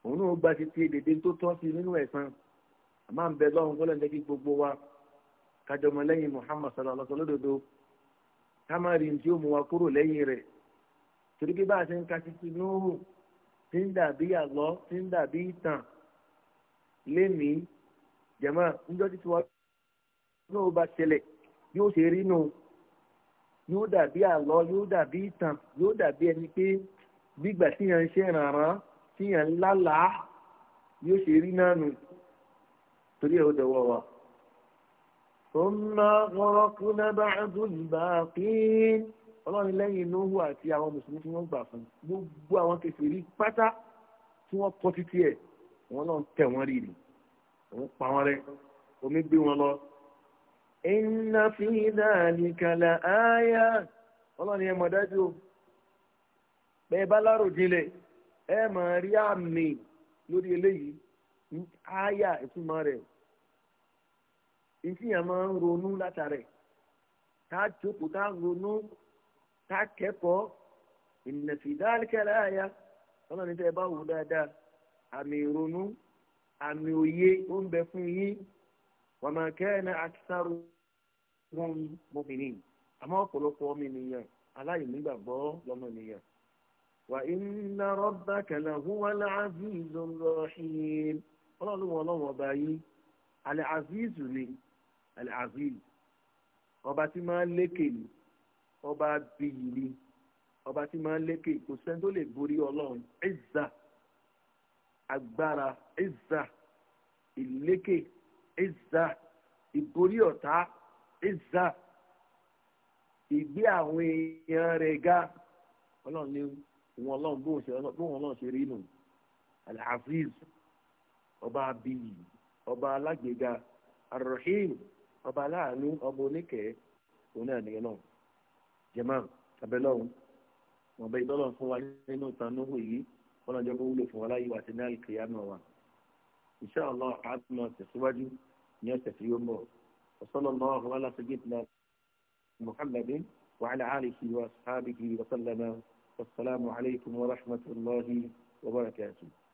òun náà gba ti tiẹ̀ dédé tó tọ́ sí nínú ma àmọ́ à ń bẹ lọ́run kọ́lẹ̀ ń gbogbo wa kájọ lẹ́yìn Muhammad sallallahu alaihi wasallam lódodo ká má rí ó mú wa kúrò lẹ́yìn rẹ̀ torí bí bá a ṣe ń ka títí nóòrù tí ń dàbí àlọ́ tí ń dàbí ìtàn wa náà yóò dàbí àlọ́ yóò dàbí ìtàn yóò dàbí ẹni pé gbígbà tíyàn ń ṣe rànràn tíyàn ń lálàá yóò ṣe rí náà nù torí ẹ̀ dọ̀wọ́ wa. ثم غرقنا بعد الباقين ọlọ́run lẹ́yìn nóhùn àti àwọn mùsùlùmí tí wọ́n gbà fún gbogbo àwọn kèfèrí pátá tí wọ́n kọ́ títí ẹ̀ wọ́n náà tẹ̀ wọ́n rí ni wọ́n pa wọ́n rẹ́ omi gbé wọn lọ iná fi dàlíkàlà áyà ọlọ́ni ẹ mọ̀ dájú bẹ́ẹ̀ bá láròjinlẹ̀ ẹ máa rí àmì lórí eléyìí áyà ìtumọ̀ rẹ̀ ìsìnyà máa ń ronú látàrẹ̀ tá a jókòó tá a ronú tá a kẹ́kọ̀ọ́ iná ta dàlíkàlà áyà ọlọ́ni tẹ́ ẹ bá wò dáadáa àmì àmì òye ó ń bẹ fún wọ́n ń mọ́bìnrin àmọ́ ọ̀pọ̀lọpọ̀ ọmọ ènìyàn aláìnígbàgbọ́ lọ́mọ ènìyàn. wà inna rabbaka lahuwal azizur rahim ọlọ́run wọn lọ́wọ́ ọba yìí alẹ́ azizu ni alẹ́ aziz ọba tí máa ń lékè ni ọba bíyì ni ọba tí máa ń lékè kò sẹ́ni tó lè borí ọlọ́run ẹ̀zà agbára ẹ̀zà ìlékè ẹ̀zà ìborí ọ̀tá ìzà ìgbé àwọn èèyàn rẹ̀ ga ọlọ́run ní wọn ọlọ́run bó wọn ọlọ́run ṣe rí nù al-aziz ọba abiyi ọba alágbèéga ar-rahim ọba aláàánú ọba oníkẹ́ òun náà nìyẹn náà jẹ́mọ́ abẹ́lọ́run wọn bẹ ìdọ́lọ́ fún wa nínú ìtàn níhù yìí wọn lọ́jọ́ bó wúlò fún wa láyé wa ti ní àlùkìyàmọ̀ wa insha Allah àbùmọ̀ tẹ̀síwájú ní ọ̀sẹ̀ tí yóò mọ̀ وصلى الله على سيدنا محمد وعلى آله وأصحابه وسلم والسلام عليكم ورحمة الله وبركاته